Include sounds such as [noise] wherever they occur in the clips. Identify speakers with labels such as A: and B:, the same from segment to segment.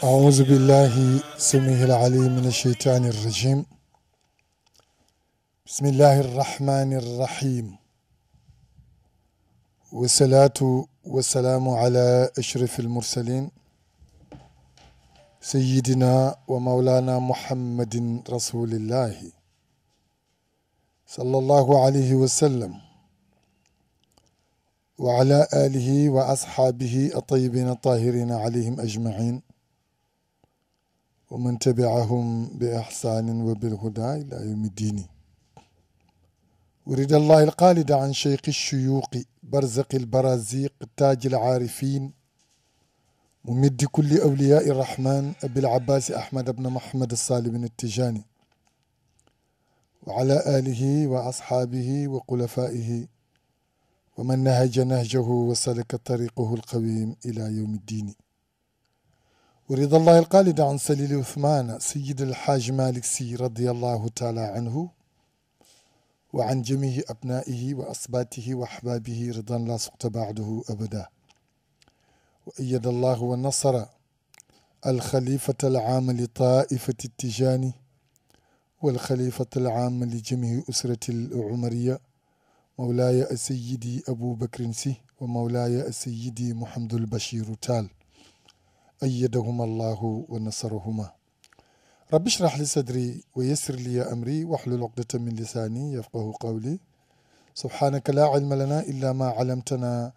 A: أعوذ بالله سميه العليم من الشيطان الرجيم بسم الله الرحمن الرحيم والصلاة والسلام على أشرف المرسلين سيدنا ومولانا محمد رسول الله صلى الله عليه وسلم وعلى آله وأصحابه الطيبين الطاهرين عليهم أجمعين ومن تبعهم بإحسان وبالهدى إلى يوم الدين ورد الله القالد عن شيخ الشيوخ برزق البرازيق تاج العارفين ممد كل أولياء الرحمن أبي العباس أحمد بن محمد الصالح بن التجاني وعلى آله وأصحابه وخلفائه ومن نهج نهجه وسلك طريقه القويم إلى يوم الدين ورضا الله القالد عن سليل عثمان سيد الحاج مالك سي رضي الله تعالى عنه وعن جميع أبنائه وأصباته وأحبابه رضا لا سقط بعده أبدا وأيد الله ونصر الخليفة العام لطائفة التجاني والخليفة العام لجميع أسرة العمرية مولاي سيدي أبو بكر سي ومولاي سيدي محمد البشير تال أيدهما الله ونصرهما رب اشرح لي صدري ويسر لي أمري واحلل عقدة من لساني يفقه قولي سبحانك لا علم لنا إلا ما علمتنا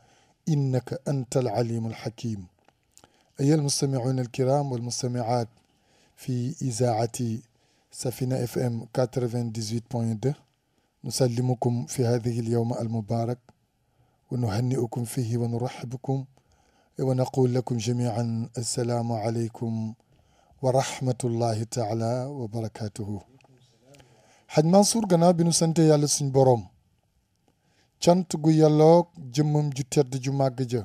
A: إنك أنت العليم الحكيم أيها المستمعون الكرام والمستمعات في إذاعة سفينة اف ام 98.2 نسلمكم في هذه اليوم المبارك ونهنئكم فيه ونرحب بكم ونقول لكم جميعا السلام عليكم ورحمة الله تعالى وبركاته حد منصور قناة بنو سنتي يالا سن بروم چانت قو يالا جمم جو ترد جو ماق جا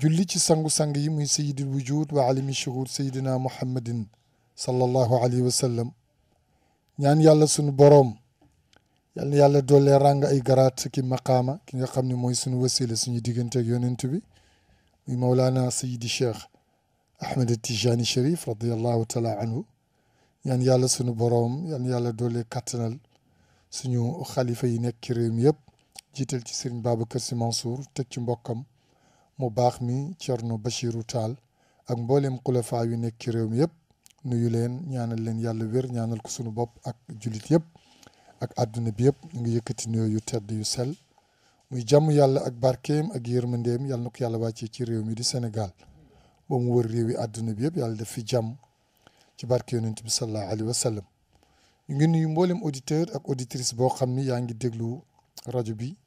A: جولي چي سنگو سنگي من سيد الوجود وعلم الشهور سيدنا محمد صلى الله عليه وسلم نيان يالا بروم يالا يالا دولي اي غرات كي مقاما كي نقام ني موي وسيلة سن يدي يونين تبي مولانا سيدي الشيخ أحمد التجاني شريف radiyallahu taala anhu ñaan yàlla suñu boroom ñaan yàlla doole kàttanal suñu xalifa yi nekk ci réew mi yëpp jiital ci sëriñ Babacar Sy Mansour teg ci mbokkam mu baax mi Thierno Bachirou Tall ak mbooleem xulafaa yu nekk ci réew mi yëpp nuyu leen ñaanal leen yàlla wér ñaanal ko suñu bopp ak jullit yëpp ak àdduna bi yëpp ñu ngi yëkkati nuyoo yu tedd yu sell muy jàmm yàlla ak barkeem ak yërmandeem yàlla na ko ci réew mi di Sénégal ba mu wër réew yi àdduna bi yëpp yàlla def fi jàmm ci barke yonent bi sallallahu alayhi wa sallam ñu ngi nuyu mboolem auditeur ak auditrice boo xam ni yaa ngi déglu rajo bi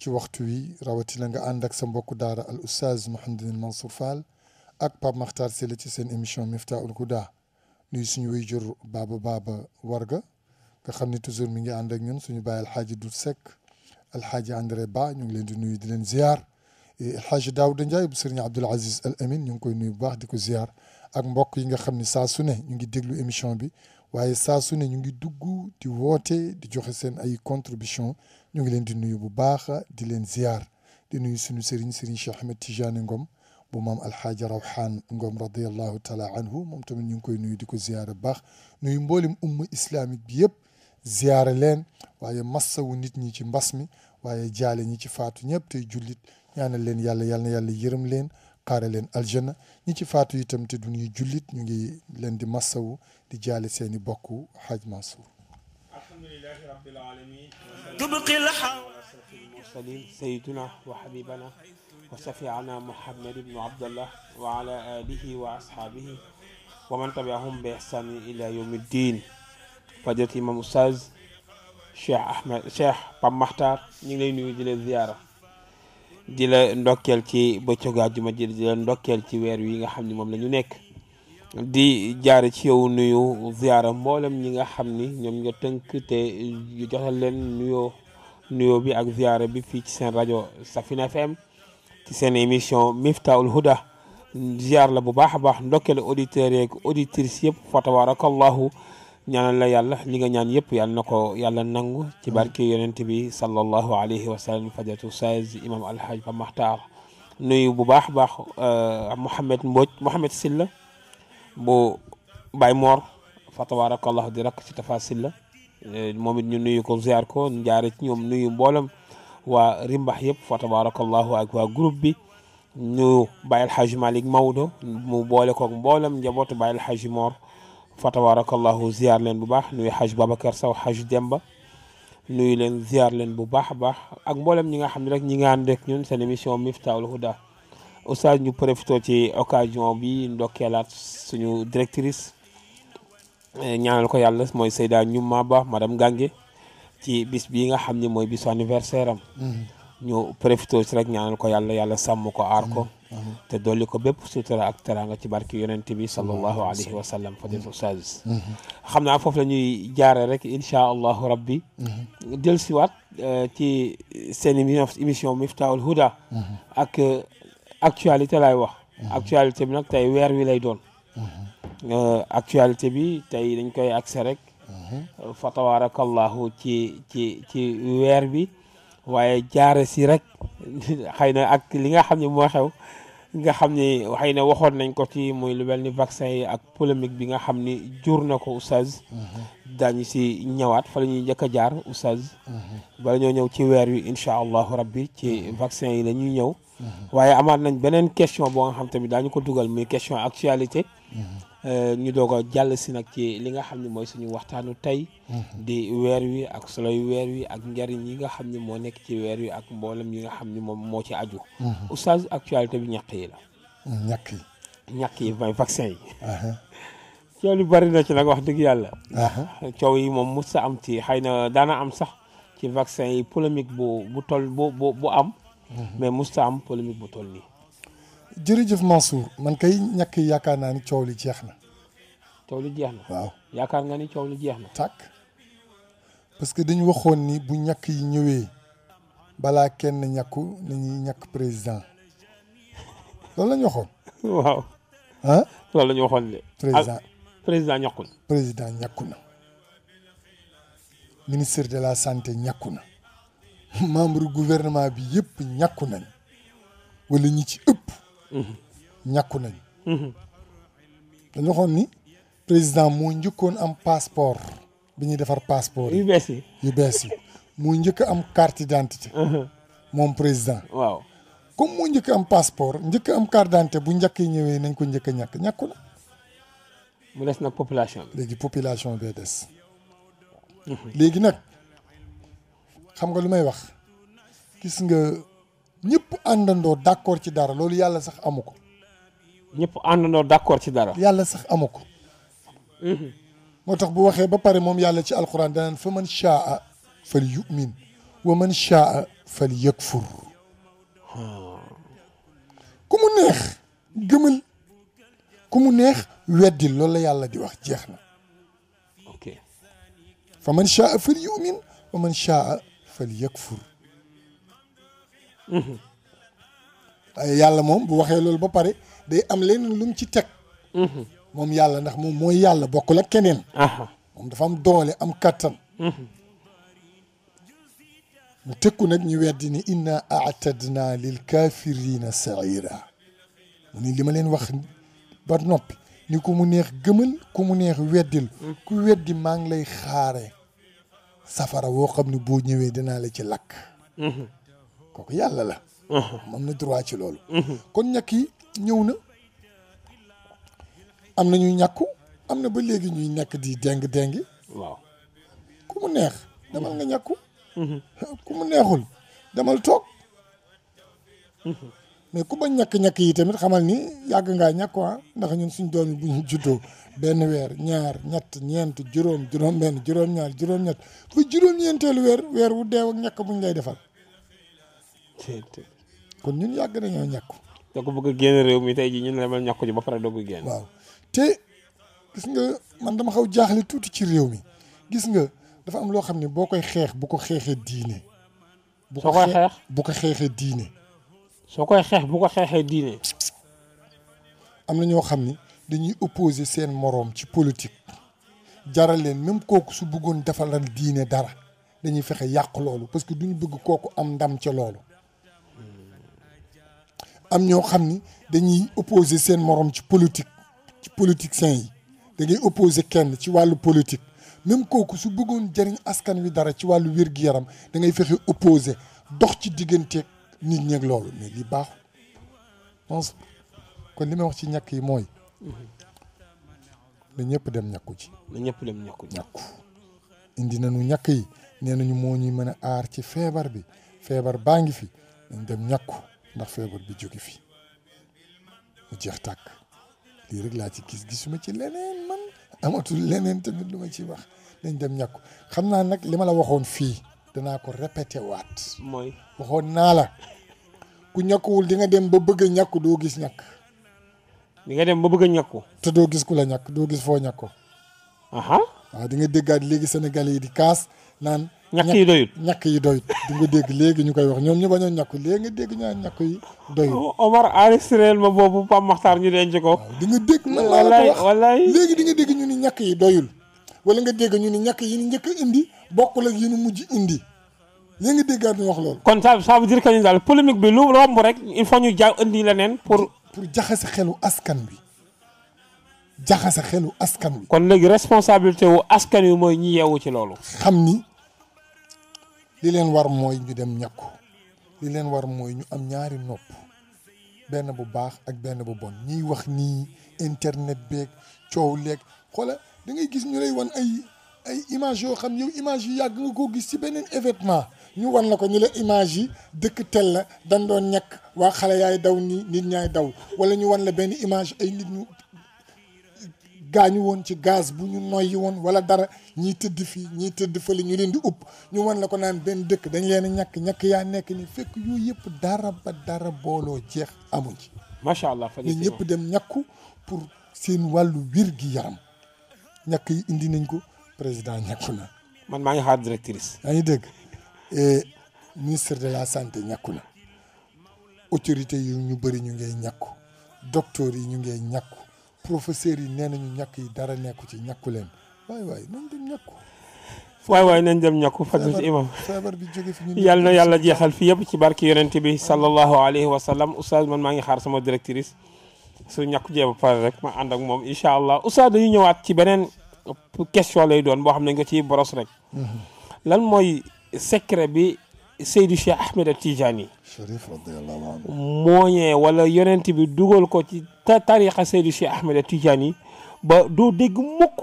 A: ci waxtu wi rawatina nga ànd ak sa mbokku daara al oustaz Mouhamadou Mansour Fall ak Pape Makhtar Sylla ci seen émission Miftahoul Houda nuyu suñu wéyjur baaba baaba warga nga xam ni toujours mi ngi ànd ak ñun alxaaji André Ba ñu ngi leen di nuyu di leen ziar eh, alxaaji Daouda Ndiaye bu sëriñ Abdoul Aziz Al Amin ñu ngi koy nuyu bu baax di ko ziar ak mbokk yi nga xam ne saa su ne ñu ngi déglu émission bi waaye saa su ne ñu ngi dugg di woote di joxe seen ay contribution ñu ngi leen di nuyu bu baax di leen ziar di nuyu suñu sëriñ sëriñ Cheikh Ahmed Tijani Ngom bu maam alxaaji Rawxaan Ngom radiallahu taala anhu moom tamit ñu ngi koy nuyu di ko ziar bu baax nuyu mboolem umma islamique bi yëpp ziyaara leen waaye massawu nit ñi ci mbas mi waaye jaale ñi ci faatu ñëpp tey jullit ñaanal leen yàlla yàlla na yàlla yërëm leen xaare leen aljana ñi ci faatu itam te du ñuy jullit ñu ngi leen di massawu di jaale seeni bokk xaaj Mansour
B: سيدنا وحبيبنا وشفيعنا محمد بن عبد الله وعلى آله وأصحابه ومن تبعهم بإحسان إلى يوم الدين fajërti imam oustaz cheikh ahmed cheikh pam maxtaar ñu ngi lay nuyu di la ziyaara di la ndokkeel ci bëccëgu àjjuma ji di la ndokkeel ci weer wi nga xam ni moom la ñu nekk di jaare ci yow nuyu ziyaara mboolem ñi nga xam ni ñoom nga tënk te joxal leen nuyoo nuyoo bi ak ziyaara bi fii ci seen rajo Safina FM ci seen émission Miftahoul Houda ziyaar la bu baax a baax ndokkeel auditeurs yeeg auditrices yëpp fa tabarakallahu ñaanal la yàlla li nga ñaan yëpp yàlla na ko yàlla nangu ci barke yonent bi sallallahu alayhi wa sallam fajatu saiz imam alhaaj fa maxtaar nuyu bu baax baax Mouhamed mboj Mouhamed Silla bu bay Mor fa tabarakallahu di rakk ci tafasil la momit ñu nuyu ko ziar ko jaare ci ñoom nuyu mbolam wa rimbax yëpp fa tabarakallahu ak wa groupe bi ñu bayal Alhaaj malik mawdo mu boole koog mbolam njabot bayal Alhaaj Mor fa tabarakallahu ziar leen bu baax nuyu xaj Babacar Sow xaj Demba nuyu leen ziar leen bu baax a baax ak mboolem ñi nga xam ne rek ñi nga ànd rek ñun seen émission mi Miftahoul Houda oustaz ñu profité ci occasion bi ndokkeelaat suñu directrice eh, ñaanal ko yàlla mooy seydaa Ñuma Ba madame Gange ci bis bi nga xam ne mooy bisu anniversaire am mm-hmm. ñu profité ci rek ñaanal ko yàlla yàlla sàmm ko aar ko te dolli ko bépp sutura ak teraanga ci barki yonent bi sallallahu alayhi wa sallam fadilatu ustaaz xam naa foofu la ñuy jaare rek insha allahu rabbi del siwaat ci seen émission Miftahoul Houda ak actualité laay wax actualité bi nag tey weer wi lay doon actualité bi tey dañ koy accès rek fa tabaarakallahu ci ci ci weer bi waaye jaare si rek [laughs] xëy na ak li nga xam ne moo xew nga xam ne xëy na waxoon nañ ko ci muy lu mel ni vaccin yi ak polémique bi nga xam ni jur na ko oustaz mm-hmm. daañu si ñëwaat fa la ñuy njëkk a jaar oustaz mm-hmm. bala ñoo ñëw ci weer wi incha allahu rabbi ci mm-hmm. vaccin yi la ñuy ñëw waaye amaat nañ beneen question boo nga xam tamit daañu ko dugal muy question actualité Euh, ñu doog a jàll si nag ci li nga xam ne mooy suñu waxtaanu tey mm-hmm. di weer wi ak solo yu weer wi ak njariñ yi nga xam ni moo nekk ci weer wi ak mboolem yi nga xam ni moom moo ci aju mm-hmm. oustaz actualité bi ñàkk yi la mm-hmm. ñàkk yi ñàkk yi may vaccin yi uh-huh. [laughs] coow li bari na ci nag wax dëgg yàlla uh-huh. [laughs] coow yi moom mos sa am ci xay na daana am sax ci vaccin yi polémique bu bu toll bu am mais mos am polémique bu toll nii
A: jërëjëf Mansour man kay ñàkk yaakaar naa ni coow li jeex na.
B: coow li jeex na waaw. yaakaar nga ni coow li jeex na. tàkk
A: parce que dañu waxoon ni bu ñàkk yi ñëwee balaa kenn ñàkku nañuy ñàkk président loolu la waxoon. waaw.
B: ah loolu waxoon de. président ah, président ñàkku
A: na. président ñàkku na ministre de la santé ñàkku na membre gouvernement bi yëpp ñàkku nañ wala ñu ci ëpp. ñàkku nañ dañu waxoon ni président moo njëkkoon am passeport bu ñuy defar passeport yu bees yi yu bees yi moo njëkk am carte d'identité uh-huh. moom président waaw comme moo njëkk am passeport njëkk am carte d'identité bu njëkk yi ñëwee nañ ko njëkk ñàkk ñàkku na
B: mu des nag population bi
A: léegi population bee des uh-huh. léegi nag xam nga lu may wax gis nga ñëpp àndandoo d'accord ci dara loolu yàlla sax amu ko. ñëpp àndandoo d'accord ci dara. yàlla sax amu ko. Mhm. moo tax bu waxee ba pare moom yàlla ci alxuraan danaan fa man shaa fal yu'min wa man shaa fal yakfur. Ah. ku mu neex gëmal ku mu neex weddil loolu la yàlla di wax jeex na. ok fa man shaa fal yu'min wa man shaa fal yakfur. waaye yàlla moom bu waxee loolu ba pare day am leneen lum ci teg. moom yàlla ndax moom mooy yàlla bokkul ak keneen. moom dafa am doole am kàttan. mu tëkku nag ñu weddi ni inna aatadna lil kafirina saira mu ni li ma leen wax ba noppi ni ku mu neex gëmal ku mu neex weddil ku weddi maa ngi lay xaare safara woo xam ne boo ñëwee dinaa la ci lakk kooku yàlla la. Uh-huh. moom na droit ci loolu. kon ñàkk yi ñëw na am na ñuy ñàkku am na ba léegi ñuy nekk di déng-déng. waaw ku mu neex demal nga ñàkku. Uh-huh. ku mu neexul demal toog. Uh-huh. mais ku ba ñàkk-ñàkk yi tamit xamal ni yàgg ngaa ñàkku waa ah. ndax ñun suñ doom yi bu ñu juddoo benn weer ñaar ñett ñeent juróom juróom benn juróom-ñaar juróom-ñett ba juróom-ñeenteelu weer weer wu deew ak bu ñu lay defal. kon ñun yàgg nañoo ñàkku.
B: da ko bëgg a génn réew mi tey jii ñun demal ñàkku ji ba pare doog a génn.
A: waaw te gis nga man dama xaw jaaxle tuuti ci réew mi gis nga dafa am loo xam ne boo koy xeex bu ko xeexee diine. bu ko xeex bu ko xeexee diine. soo koy xeex bu ko xeexee diine. am na ñoo xam ni dañuy opposer seen moroom ci politique jaral leen même kooku su bëggoon defalal diine dara dañuy fexe yàq loolu parce que duñu bëgg kooku am ndam ca loolu. am ñoo xam ni dañuy opposer seen morom ci politique ci politiciens yi da ngay opposer kenn ci wàllu politique même kooku su bëggoon jëriñ askan wi dara ci wàllu wér-gu-yaram da ngay fexe opposer dox ci digganteeg nit ñeeg loolu mais li baaxul kon li may wax ci ñàkk yi mooy na ñëpp dem ñàkku ci
B: na ñëpp dem ñàkku ñàkku
A: indi nañu ñàkk yi nee nañu moo ñuy mën a aar ci feebar bi feebar baa ngi fi dañ dem ñakku ndax feebar bi jóge fi mu jeex tàkk lii rek laa ci gis gisuma ci leneen man amatul leneen tamit lu ma ci wax dañ dem ñàkku xam naa nag li ma la waxoon fii danaa ko répété waat. mooy waxoon naa la ku ñàkkuwul di nga dem ba bëgg a doo gis ñàkk. di nga dem ba bëgg a ñàkku. te doo gis ku la ñàkk doo gis foo ñàkko. waaw di nga léegi senegal yi di kaas naan. ñàkk yi doyut ñàkk yi doyut di nga dégg léegi ñu koy wax ñoom ñu bañoo ñàkk léegi nga dégg ñaan ñàkk yi doyut
B: Omar enregistré ma boobu Pape Makhtar ñu denc ko di nga dégg man laa la ko wax
A: wallaay léegi di nga dégg ñu ni ñàkk yi doyul wala nga dégg ñu ni ñàkk yi ñu njëkk indi bokkul ak yi ñu mujj indi léegi nga déggaat ñu wax loolu
B: kon ça ça veut dire que ñu daal polémique bi lu romb rek il faut ñu jaaw indi leneen pour
A: pour jaxase xelu askan bi jaxase xelu askan wi
B: kon léegi responsabilité wu askan wi mooy ñi yeewu ci loolu
A: xam ni li leen war mooy ñu dem ñàkku li leen war mooy ñu am ñaari nopp benn bu baax ak benn bu bon ñuy wax nii internet beeg coow leeg xoola da ngay gis ñu lay wan ay ay image yoo xam yow image yu yàgg nga koo gis ci beneen événement ñu wan la ko ñu la image yi dëkk tel la dañ doon ñàkk waa xale yaay daw nii nit ñaay daw wala ñu wan la benn image ay nit ñu gaañu woon ci gaz bu ñu noyyi woon wala dara ñii tëdd fii ñii tëdd fële ñu leen di upp ñu wan la ko naan benn dëkk dañ leen a ñàkk yaa nekk ni fekk yooyu yëpp dara ba dara booloo jeex amuñ ci. macha allah fa ñu yëpp dem ñàkku pour seen wàllu wér gi yaram ñàkk yi indi nañ ko président ñàkku na. man maa ngi xaar yaa ngi dégg eh, ministre de la santé ñàkku na autorité yi ñu bëri ñu ngay ñàkku docteur yi ñu ngay ñàkku professeurs yi nee nañu ñàkk yi dara nekku ci ñàkku leen. waay waay nañ dem ñàkku waay waay nañ
B: dem ñàkku fadlat imam feebar bi jóge fi yàlla na yàlla jeexal fi yëpp ci barki yonente bi sallallahu alayhi wa sallam oustaz man maa ngi xaar sama directrice su ñàkku jee ba pare rek ma ànd ak moom incha allah oustaz dañu ñëwaat ci beneen question lay doon boo xam ne nga ciy boros rek lan mooy secret bi Seydou Cheikh Ahmed Tijani
A: Cherif radiyallahu
B: anhu mooñee wala yonent bi dugal ko ci tariqa Seydou Cheikh Ahmed Tijani ba doo dégg mukk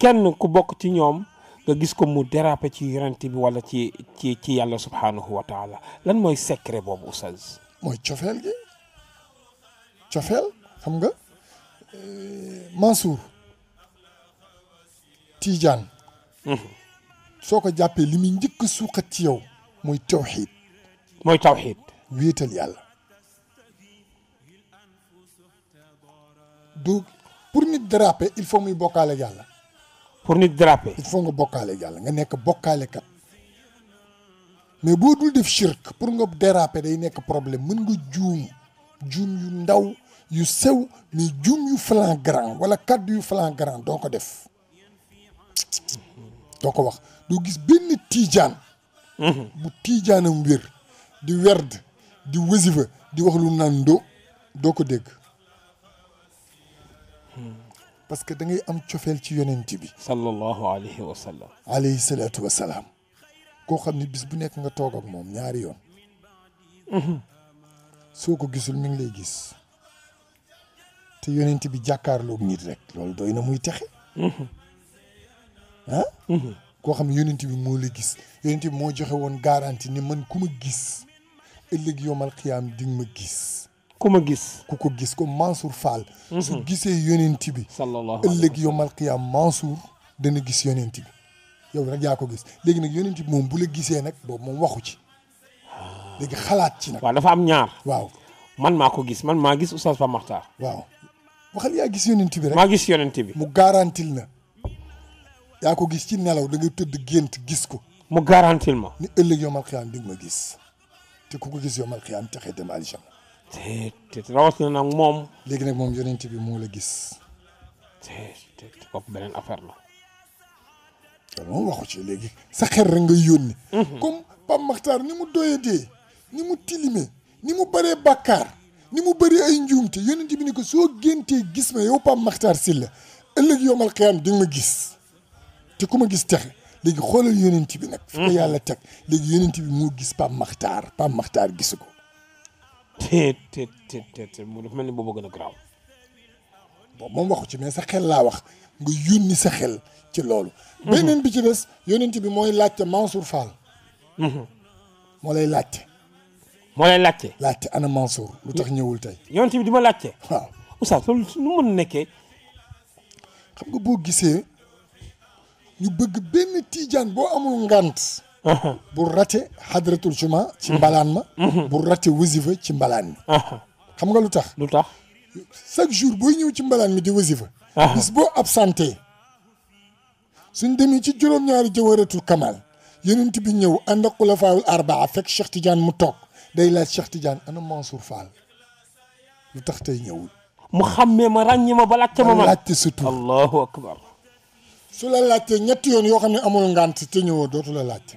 B: kenn ku bokk ci ñoom nga gis ko mu dérape ci yonent bi wala ci ci ci yàlla subhaanahu wa taala lan mooy secret boobu oustaz
A: mooy cofeel gi cofeel xam nga euh, Mansour Tiijaan mhm. soo ko jàppee li muy njëkk suuxat ci yow muy tawxiid mooy tawxiid wéetal yàlla du pour nit déraper il faut muy bokkaale yàlla pour nit draper. il faut nga bokkaale yàlla nga nekk bokkaale kat mais boo dul def shirk pour nga déraper day nekk problème mën nga juum juum yu ndaw yu sew mais juum yu flagrant wala kàddu yu flagrant doo ko def doo ko wax doo gis benn tiijaan bu tiijaanam wér di werd di wasifa di wax lu naan ndo doo ko dégg parce que dangay am cofeel ci yonent bi sallallahu alayhi wa salaatu wa koo xam ne bis bu nekk nga toog ak moom ñaari yoon mhm. soo ko gisul mi ngi lay gis te yonent bi jàkkaarloog nit rek loolu doy na muy texe mhm. ah mhm. koo xam ne yonent bi moo la gis yonent bi moo joxe woon garantie ni man ku ma gis ëllëg yoomal xiyaam di ma gis ku ma gis ku ko gis ko Mansour Fall mhm. su gisee yonent bi sallallahu ëllëg yomal qiyaam Mansour dana gis yonent bi yow rek yaa ko gis léegi nag yonent bi moom bu la gisee nag boobu moom waxu ci léegi xalaat ci
B: nag waaw dafa am ñaar waaw man maa ko gis man maa gis Oustaz Pape Makhtar
A: waaw waxal yaa gis yonent bi rek gis yonent bi mu garantil na yaa ko gis ci nelaw da tëdd gént gis ko mu garantil ma ni ëllëg yomal qiyaam di ma gis te ku ko gis yomal qiyaam texee dem aljanna te te moom. léegi nag moom yonent bi moo la gis. te beneen affaire la. loolu moom waxu léegi sa xel rek nga yónni. Mhm. comme Pape Makhtar ni mu doyatee ni mu tilime ni mu bëree bàkkaar ni mu bëri ay njuumte yonent bi ni ko soo géntee gis ma yow Pape si la ëllëg yomal xiyaam di nga ma gis te ku ma gis texe léegi xoolal yonent bi nag. fi ko mhm. yàlla teg léegi yonent bi moo gis Pape Makhtar Pape Makhtar gisu ko. te te te te mu mel ni boobu gën a garaaw. bon moom waxu ci mais sa xel laa wax nga yónni sa xel ci loolu. Mhm. beneen bi ci des yónent bi mooy laajte Mansour Fall. Mhm. moo lay laajte. moo lay laajte. laajte ana Mansour lu tax ñëwul tey. yónent bi di ma laajte. waaw oustaz loolu nu mën nekkee. xam nga boo gisee ñu bëgg benn tiijaan boo amul ngant. Uh-huh. bu rate hadratul juma ci mbalaan ma uh-huh. bu rate wasifa ci mbalaan mi uh-huh. xam nga lu tax lu tax chaque jour booy ñëw ci mbalaan mi di wasifa bis boo absenté suñ demee ci juróom-ñaari jawaratul kamal yenent bi ñëw ànd ak xulafaawul arbaa fekk Cheikh Tidiane mu toog day laaj Cheikh Tidiane ana Mansour Fall lu tax tey ñëwul mu xàmmee ma ràññi ma ba laajte ma ma laajte surtout allahu akbar su la laajtee ñetti yoon yoo xam ne amul ngànt te ñëwoo dootu la laajte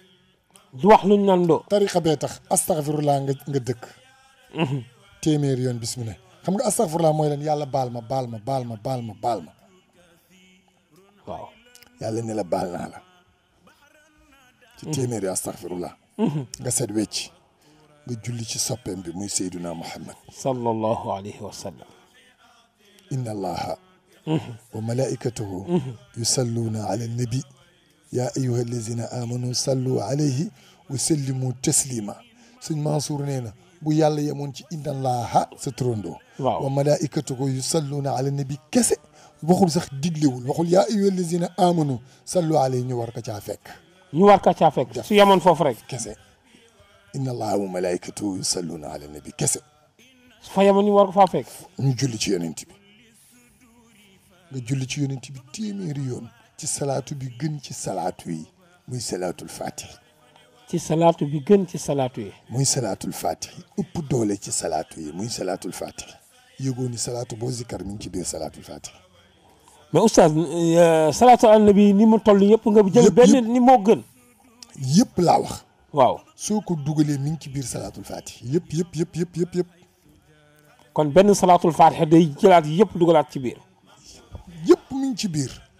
A: دوخ لون ناندو طريقه بيتخ استغفر الله نغ دك تيمير يون بسم الله خم استغفر الله موي لن يالا بالما بالما بالما بالما بالما واو يالا نيلا بالنا لا تيمير استغفر الله غا سيد ويتش غا جولي سي سوبم بي موي سيدنا محمد صلى الله
B: عليه وسلم ان الله
A: وملائكته يصلون على النبي يا أيها الذين آمنوا صلوا عليه وسلموا تسليما سن منصور نينا بو يالا يمون تي اندان لا ها ستروندو وملائكته يصلون على النبي كسه بخول سخ ديغليول بخول يا ايها الذين امنوا صلوا عليه نيوار كاتيا فيك نيوار كاتيا فيك سو يمون فوف رك كسه ان الله وملائكته يصلون على النبي كسه فا يمون نيوار فا فيك ني جولي تي يونتي بي جولي تي يونتي بي تيمير يونتي ci salaatu bi gën ci salaatu yi muy salaatul faatih ci salaatu bi gën ci salaatu yi muy salaatul faatih ëpp doole ci salaatu yi muy salaatul faatih yëgoo salaatu boo zikkar mi ngi ci biir salaatul faatih mais oustaz euh, salaatu annabi ni mu toll yëpp nga jël benn ni moo gën yëpp laa waaw soo ko dugalee mi ngi ci biir salaatul faatih yëpp yëpp yëpp yëpp yëpp yëpp benn salaatul faatih day jëlaat yëpp dugalaat ci biir yëpp ci biir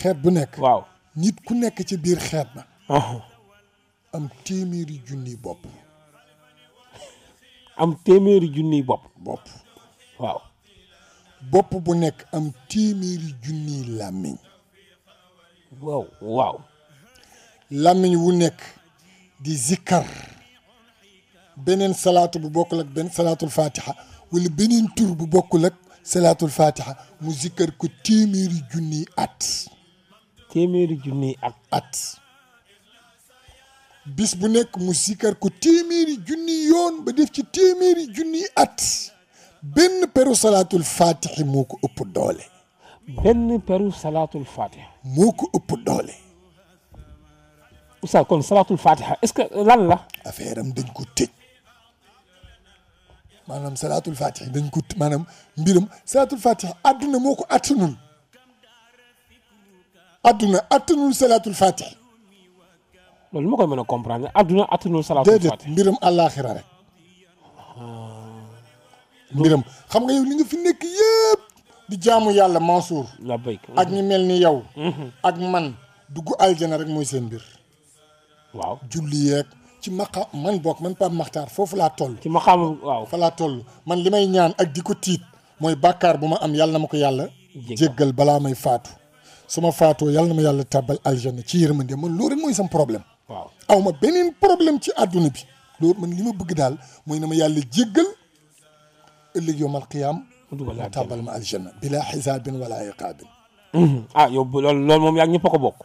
A: xeet bu nekk. waaw nit ku nekk ci biir xeet ba. Oh. am téeméeri junniy bopp. am téeméeri junniy bopp. bopp bopp bu nekk am téeméeri junniy làmmiñ. waaw waaw. làmmiñ wu nekk di zikkar beneen salaatu bu bokkul ak benn salaatul fatiha wala beneen tur bu bokkul ak salaatul fatiha mu zikkar ko téeméeri junniy at. téeméeri junni ak at bis bu nekk mu sikkar ko téeméeri junni yoon ba def ci téeméeri junni at benn peru salaatul faatixi moo ko ëpp doole benn peru salaatul faatixi moo ko ëpp doole oustaz kon salaatul faatixa est-ce que lan la affaire am dañ ko tëj maanaam salaatul faatixi dañ ko maanaam mbiram salaatul faatixi àdduna moo ko adduna attanul salaatul fatih. loolu ma koy a comprendre adduna attanul salaatul fatih. déedéet mbiram àllaaxira rek. Ah. mbiram xam nga yow li nga fi nekk yëpp. di jaamu yàlla Mansour. ak ñi mel ni yow. Mm-hmm. ak man dugg aljana rek mooy seen mbir. waaw julli yeeg ci maqa man bokk man Pape Makhtar foofu laa toll. ci maqaam man li may ñaan ak di ko tiit mooy bàkkaar bu ma am yàlla na ma ko yàlla. jéggal balaa may faatu. su ma yàlla na ma yàlla tabal aljanna ci yërmande man loolu rek mooy sam problème. waaw awma benen problème ci aduna bi. loolu man lima bëgg dal moy na ma yàlla jéggal ëllëg yowal qiyam tabal ma aljanna bila hisab wala iqab ah yo loolu loolu mom yaa ngi ñëpp ko bok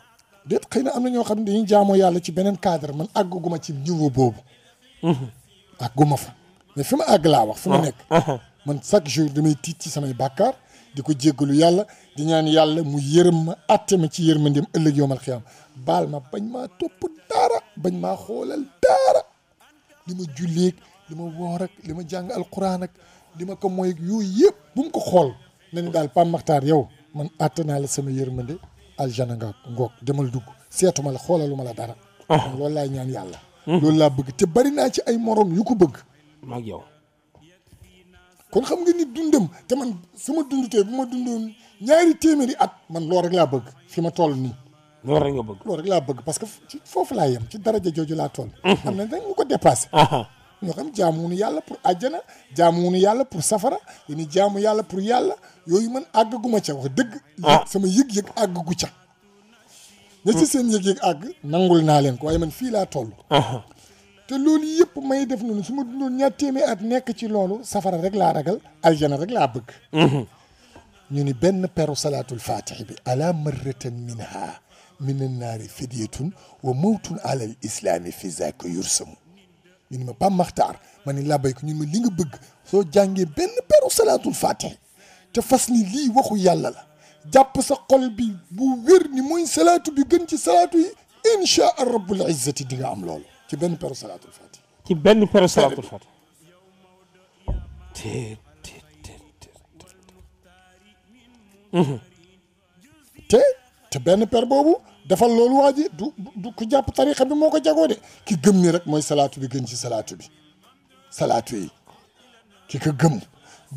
A: déet xeyna na am na ñoo xamni ne dañuy jaamoo yàlla ci benen cadre man àgguma ci niveau boobu. àgguma fa mais fima ma àgg wax. fuma nek man chaque jour damay titi ci samay bàkkaar di jéggalu yàlla di ñaan yàlla mu yërëm ma atte ma ci yërmandeem ëllëg yowmal xiyaam baal ma bañ ma topp daara bañ maa xoolal daara li ma julleeg li ma woor rek li ma jàng alquran ak li ma ko mooy yooyu yëpp bu mu ko xool na ni daal Pape Makhtar yow man atte naa la sama yërmande aljana nga ngoog demal dugg seetuma la xoolaluma la dara oh. loolu ñaan yàlla loolu laa bëgg te bari naa ci ay moroom yu ko bëgg maag kon xam nga nit dundam te man suma dund tey bu ma dundoon ñaari téeméeri at man loolu rek laa bëgg fi ma toll nii. loolu rek nga bëgg loo rek laa bëgg parce que ci foofu laa yem ci daraja jooju laa toll. Mhm. am na nag ñu ko dépassé. ñoo xam jaamuwuñu yàlla pour àjjana jaamuwuñu yàlla pour safara dañuy jaamu yàlla pour yàlla yooyu man àggaguma ca wax dëgg. Ah. sama yëg-yëg àggagu ca. ña ci seen àgg nangul naa leen ko waaye man fii laa toll. te loolu ma may def noonu su ma dundoon ñaar téeméer at nekk ci loolu safara rek laa ragal aljana rek laa bëgg mhm. ñu ni benn peru salaatul fatixi bi ala marratan minha min annaari fidyatun wa mawtun ala al islaami fi zaka yursamu ñu ni ma ba maxtaar ma ni la bayk ñu ni ma li nga bëgg soo jàngee benn peru salaatul fatixi te fas ni lii waxu yàlla la jàpp sa xol bi bu wér ni mooy salaatu bi gën ci salaatu yi inchaa rabbul izzati di nga am loolu ci benn peru salaatul faatiha ci benn peru salaatul faatiha mhm. te te benn per boobu defal loolu waa ji du du ku jàpp tarixa bi moo ko jagoo de ki gëm ni rek mooy salaatu bi gën ci salaatu bi salaatu yi ki ko gëm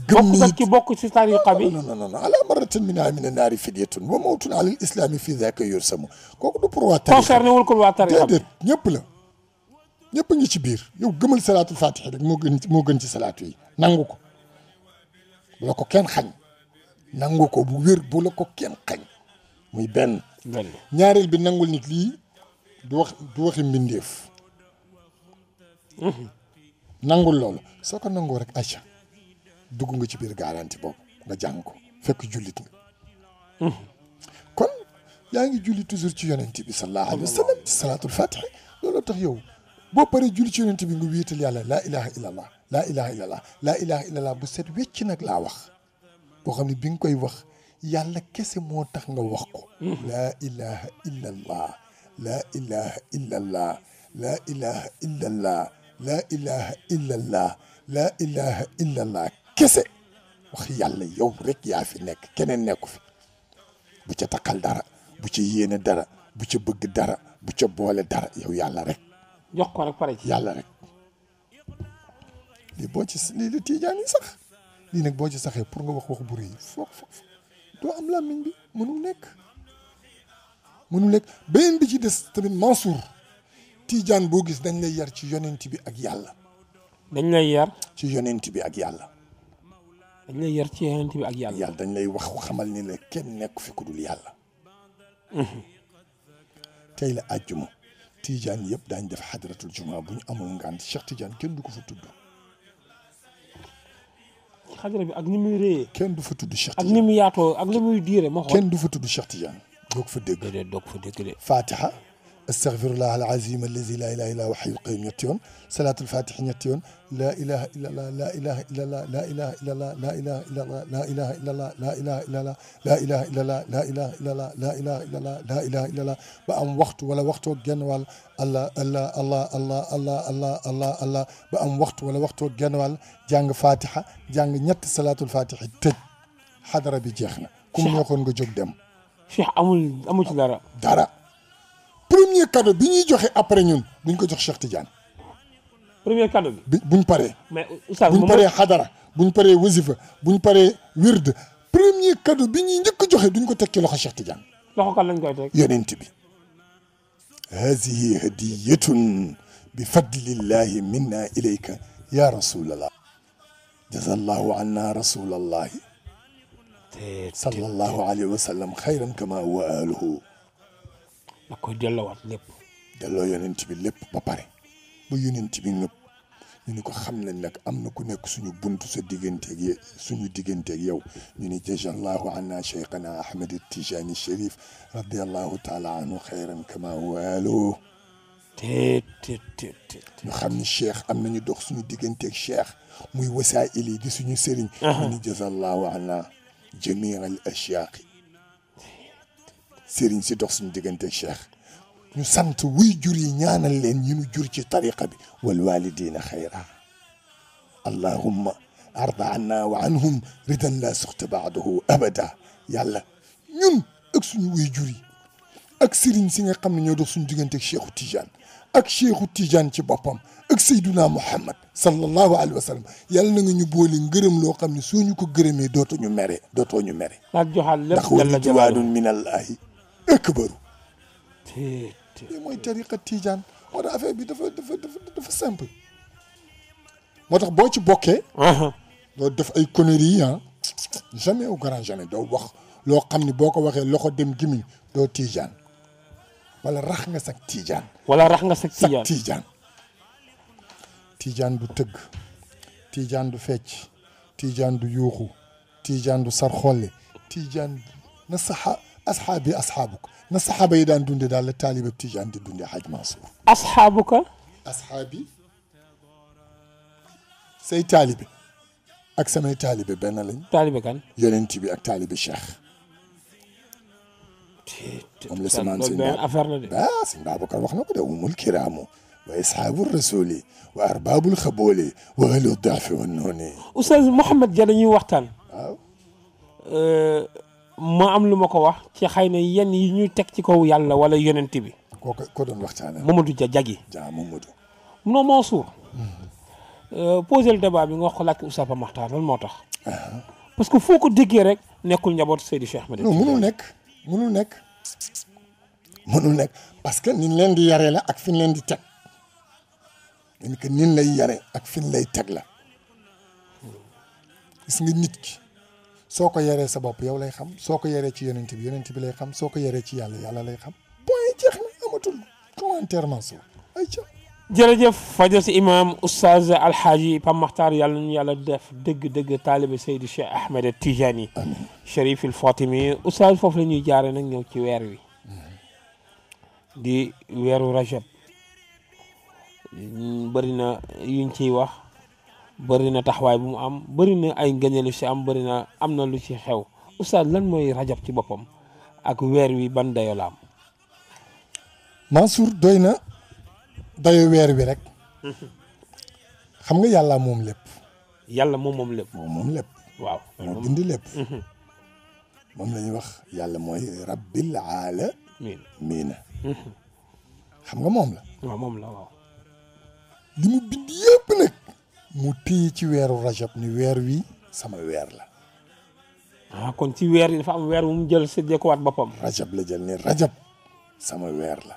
A: gëm ni ki bokk ci tarixa bi non non non ala marratin min amina naari fidyatun wa mawtun ala l islami fi daka yursamu kooku du pour waa tarixa concerné wul waa tarixa bi déedéet ñëpp la ñëpp ngi ci biir yow gëmal salaatul faatiha rek moo gën moo gën ci salaatu yi nangu ko bu la ko kenn xañ nangu ko bu wér bu la ko kenn xañ muy benn ñaareel bi nangul nit lii du wax du waxi mbindeef mhm. nangul loolu soo ko nangoo rek acca dugg nga ci biir garanti boobu nga jàng ko fekk jullit nga mhm. kon yaa ngi julli toujours ci yonent bi sallallahu alayhi wa sallam tax yow bo pare julli ci yonent bi nga wétal yàlla la ilaha illallah la ilaha illallah la ilaha illallah bu set wecc nak la wax bo xamni ne bi nga koy wax yàlla kessé moo tax nga wax ko la ilaha illallah la ilaha illallah la ilaha illallah la ilaha illallah la ilaha illallah kessé wax yàlla yow rek ya fi nek kenen nekku fi bu ci takal dara bu ci yene dara bu ci bëgg dara bu ci boole dara yow yàlla rek jox ko rek pare ci. yàlla rek lii boo ci lii la tiijaan yi sax lii nag boo ci saxee pour nga wax wax bu rëy foog foog doo am làmmiñ bi mënul nekk mënul nekk beneen bi ci des tamit Mansour tiijaan boo gis dañ lay yar ci yonent bi ak yàlla. dañ lay yar. ci yonent bi ak yàlla. dañ lay yar ci yonent bi ak yàlla. yàlla dañ lay wax xamal ni la kenn nekk fi ku dul yàlla. tey la àjjuma. Tidiane yëpp daañ def xadratul juma bu ñu amul ngant Cheikh Tidiane kenn du ko fa tudd. bi ak ni muy kenn du fa tudd Cheikh Tidiane ak ni muy yaatoo ak ni muy diire ma du fa tudd Cheikh Tidiane. doo ko fa dégg doo Fatiha. استغفر الله العظيم الذي لا اله الا هو حي القيوم يتيون صلاه الفاتح يتيون لا اله الا الله لا اله الا الله لا اله الا الله لا اله الا الله لا اله الا الله لا اله الا الله لا اله الا الله لا اله الا الله لا اله الا الله لا اله الا الله بأم وقت ولا وقت جنوال الله الله الله الله الله الله الله الله با وقت ولا وقت جنوال جانغ فاتحه جانغ نيت صلاه الفاتح تج حضره بي جيخنا كوم نيكون nga jog dem أمول amul دارا ci premier cadeau bi ñuy joxe après ñun duñ ko jox Cheikh Tidiane. premier cadeau bi buñ paree.
B: mais oustaz buñ paree
A: xadara buñ paree wasifa buñ paree wird premier cadeau bi ñuy njëkk joxe duñ ko teg ci loxo Cheikh Tidiane.
B: loxo kan lañ koy teg
A: yonent bi. hadihi hadiyatun bi fadlillahi minna ilayka ya rasulallah. jazallahu anna rasulallahi sallallahu alayhi wa sallam xayran kama huwa ahluhu
B: da koy delloowaat lépp.
A: delloo yonent bi lépp ba pare ba yonent bi ñëpp ñu ni ko xam nañ nag am na ku nekk suñu buntu sa digganteeg suñu digganteeg yow ñu ni jajallahu anna cheikhana ahmed tijani sharif radiallahu taala anhu xayran kama waalo te te te te ñu xam ni cheikh am nañu dox suñu digganteeg cheikh muy wasaa'il yi di suñu sëriñ ñu ni jasallahu anna jamia al sëriñ si dox suñu diggante cheikh ñu sant wuy jur yi ñaanal leen ñu nu jur ci tariqa bi wal walidina xayra allahumma arda anna wa anhum ridan la suxta baadahu abada yàlla ñun ak suñu wuy jur yi ak sëriñ si nga xam ne ñoo dox suñu diggante cheikhu Tijaan ak cheikhu Tijaan ci boppam ak sayduna muhammad sallallahu alayhi wa sallam yàlla na nga ñu boole ngërëm loo xam ne soo ñu ko gërëmee dootuñu mere dootoo ñu mere.
B: ndax joxal lépp ndax wa ridwaanun
A: min allahi اكبروا تي موي طريقه تيجان ودا افاي بي دافا دافا دافا دافا سامبل موتاخ بو تي بوكي اها دو داف اي كونيري ها جامي او غران جامي دو واخ لو خامني بوكو واخي لوخو ديم جيمي دو تيجان ولا راخنا ساك تيجان
B: ولا راخنا ساك تيجان
A: تيجان تيجان دو تگ تيجان دو فيتش تيجان دو يوخو تيجان دو سار تيجان نصحه أصحابي أصحابك نصحاب يدان دون دا لتالي ببتيج عند دون حاج منصور أصحابك أصحابي سي تالي بي أك سمي تالي بي بنا لين تالي بي كان يلين تبي أك تالي بي شيخ أم لسمان سنباب با سنباب وكار وخنا قد أم الكرامو وإصحاب الرسول وأرباب الخبول وأهل الضعف والنوني
B: أستاذ محمد جاني وقتان أه ma am lu ma ko wax ci xëy na yenn yi ñuy teg ci kaw yàlla wala yonent bi. koo ko doon waxtaanee. Mamadou Dia Diaghi. Dia Mamadou. non Mansour. Mhm. Euh, poser le débat bi nga wax ko laajte Oustaz Pape Makhtar lan moo tax. Uh-huh. parce que foo ko déggee rek. nekkul njabootu Seydi Cheikh Ahmed. non mënul
A: nekk mënul nekk. mënul nekk parce que nin leen di yaree la ak fin leen di teg dañ ko lay yaree ak fin lay teg la gis nga nit ki. soo ko yaree sa bopp yow lay xam soo ko yaree ci yonent bi yonent bi lay xam soo ko yaree ci yàlla yàlla lay xam point jeex na amatul commentaire Mansour ay ca
B: jërëjëf fajati imam oustaz alhaaji Pam Maxtaar yàlla nañu yàlla def dëgg-dëgg taaliba Seydi Cheikh Ahmed Tijani Cherif il Fatimi oustaz foofu la ñuy jaare nag ñëw ci weer wi di weeru rajab bëri na yuñ ciy wax bëri na taxawaay bu mu am bëri na ay ngëneel yu si am bëri na am na lu ci xew oustaz lan mooy rajab ci boppam ak weer wi ban dayo la am
A: doy na dayo weer wi rek xam nga yàlla moom lépp yàlla moom moom lépp lépp waaw mhm. moom la ñuy wax yàlla mooy rabbil aalamiina mhm. waaw moom la waaw li mu bind yëpp nag mu téye ci weeru rajab ni weer
B: wi sama weer la. Ah, kon ci weer yi dafa am weer wu mu jël si ko waat boppam.
A: rajab la jël ni rajab sama weer la.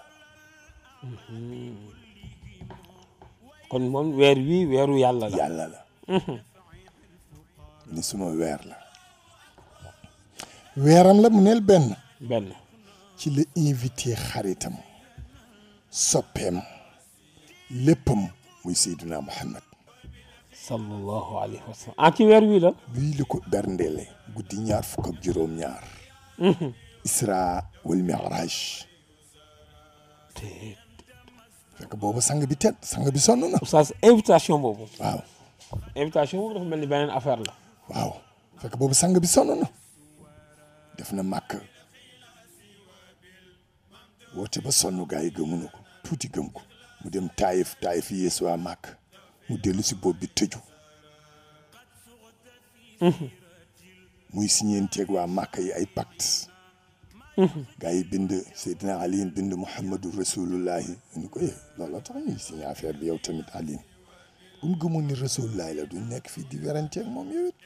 B: Mm-hmm. kon moom weer wi weeru yàlla la. yàlla la.
A: Mm-hmm. ni suma weer la. weeram la mu neel benn. ci la invité xaritam soppeem léppam muy Seydina Muhammad
B: sallallahu alayhi wa sallam
A: ah ci weer wii la. lii li ko guddi ñaar fukk ak juróom-ñaar. Mhm. isra wal mi'raj. te. fekk boobu sang bi tedd sang bi sonn invitation boobu. waaw.
B: invitation boobu dafa mel ni beneen
A: affaire la. waaw fekk boobu sang bi sonn def na màkk woote ba sonn gars yi gëmu na tuuti gëm ko mu dem taayif taayif yeesu waa màkk. mu dellu si bopp bi tëju. Mhm. muy siñeenteeg waa Màkka yi ay pacte mhm. gaa yi bind Seydina Aliin bind Muhammadu Rasulullahi ñu koy eh, looloo tax ñuy signé affaire bi yow tamit Aliin bu mu gëmoon ni Rasulullahi la duñ nekk fii di weranteeg moom yow it.